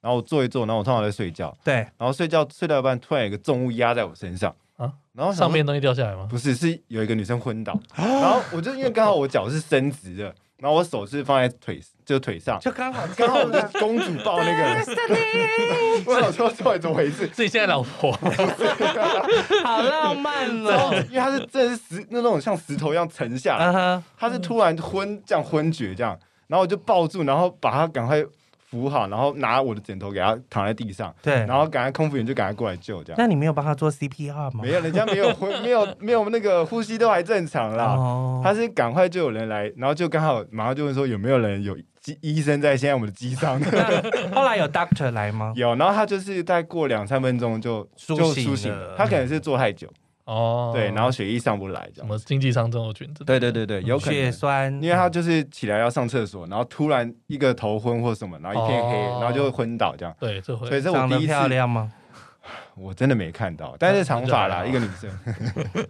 [SPEAKER 1] 然後我坐一坐，然後我通常在睡覺，對，然後睡覺睡到一半，突然有一個重物壓在我身上，啊，然後上面東西掉下來嗎？不是，是有一個女生昏倒， 然後我就因為剛好我腳是伸直的。 然後我手是放在腿，就腿上，就
[SPEAKER 4] 剛好、啊、剛好我的
[SPEAKER 1] 公主抱那個
[SPEAKER 4] 人，
[SPEAKER 1] 這這這怎麼回事？自己現在老婆？
[SPEAKER 4] 好
[SPEAKER 2] 浪漫哦，因
[SPEAKER 1] 為他是真的是石那種像石頭一樣沉下來，他 是突然昏這樣昏厥這樣，然後我就抱住，然後把他趕快。扶好，然後拿我的枕頭給他躺在地上，對，然後趕快空服員就趕快過來救，這
[SPEAKER 2] 樣。那你沒有幫他做 CPR 嗎？沒有，人家沒有
[SPEAKER 1] 沒有沒有那個呼吸都還正常啦。Oh. 他是趕快就有人來，然後就剛好馬上就問說有沒有人有醫醫生在？現在我們的機上。
[SPEAKER 2] 後來有 doctor 來嗎？
[SPEAKER 1] 有，然後他就是再過兩三分鐘就就甦醒了醒，他可能是坐太久。哦、oh,，對，然後血液上不來，這樣。我們經濟上症候群真的，對對對對，嗯、有可能血栓，因為他就是起來要上廁所、嗯，然後突然一個頭昏或什麼，然後一片黑，oh, 然後就會昏倒這樣。對，這所以這我第一次。得漂亮嗎？ 我真的沒看到，但是長髮啦，一個女生，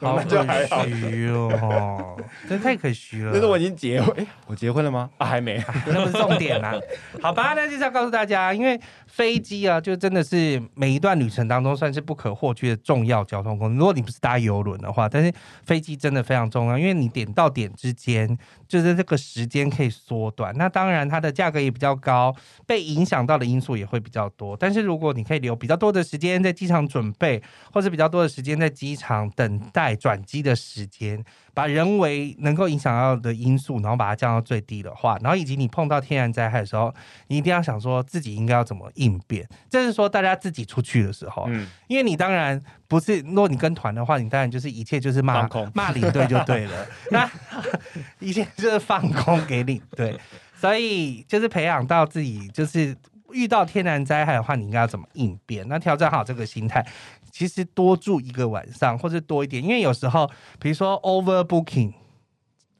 [SPEAKER 1] 好可惜
[SPEAKER 2] 哦， 真的太可惜了。但是我已經結婚，欸、我結婚了嗎？啊，還沒， 那不是重點啊。好吧，那就是要告訴大家，因為飛機啊，就真的是每一段旅程當中算是不可或缺的重要交通工具。如果你不是搭遊輪的話，但是飛機真的非常重要，因為你點到點之間，就是這個時間可以縮短。那當然，它的價格也比較高，被影響到的因素也會比較多。但是如果你可以留比較多的時間在機場。常準備，或是比較多的時間在機場等待轉機的時間，把人為能夠影響到的因素，然後把它降到最低的話，然後以及你碰到天然災害的時候，你一定要想說自己應該要怎麼應變。這、就是說大家自己出去的時候，嗯，因為你當然不是，如果你跟團的話，你當然就是一切就是罵放空罵領隊就對了，那 一切就是放空給你對，所以就是培養到自己就是。遇到天然災害的話，你應該要怎麼應變？那調整好這個心態，其實多住一個晚上或是多一點，因為有時候，比如說 over booking，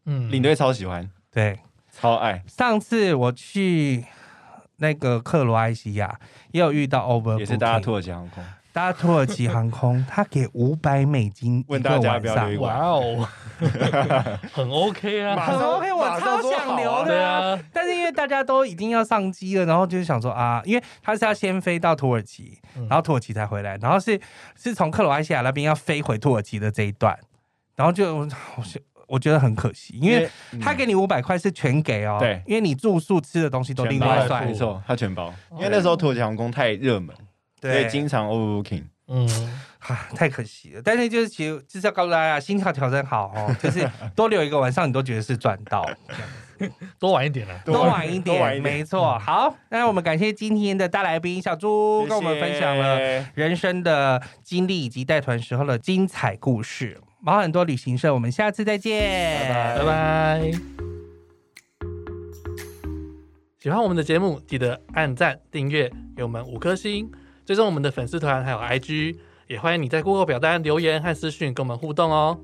[SPEAKER 2] 嗯，領隊超喜歡，對，超愛。上次我去那個克羅埃西亞，也有遇到 over booking，也是大家土耳其航空。搭土耳其航空， 他給五百美金一個晚上問大家要不要？哇哦，很 OK 啊，很 OK，我超想留的、啊啊。但是因為大家都已經要上機了，然後就是想說啊，因為他是要先飛到土耳其， 然後土耳其才回來，然後是是從克羅埃西亞那邊要飛回土耳其的這一段，然後就我我覺得很可惜，因為他給你五百塊是全給哦，對，因為你住宿吃的東西都另外算，沒錯，他全包，因為那時候土耳其航空太熱門。嗯嗯所以經常 overbooking，嗯，啊，太可惜了。但是就是其實就是要告訴大家，心態調整好哦，就是多留一個晚上，你都覺得是賺到 這樣子，多晚一點了、啊，多晚一點，沒錯、嗯。好，那我們感謝今天的大來賓小朱，跟我們分享了人生的經歷以及帶團時候的精彩故事。毛很多旅行社，我們下次再見，拜拜。拜拜，喜歡我們的節目，記得按讚、訂閱，給我
[SPEAKER 3] 們五顆星。追蹤我們的粉絲團還有 IG，也歡迎你在 Google 表單留言和私
[SPEAKER 2] 訊跟我們互動哦。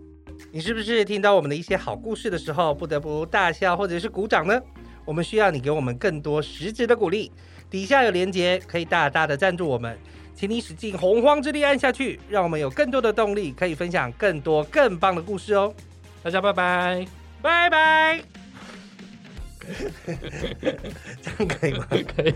[SPEAKER 2] 你是不是聽到我們的一些好故事的時候，不得不大笑或者是鼓掌呢？我們需要你給我們更多實質的鼓勵。底下有連結，可以大大的贊助我們，請你使盡洪荒之力按下去，讓我們有更多的動力，可以分享更多更棒的故事哦。大家拜拜，拜拜。哈 哈這樣可以嗎？哈 可以。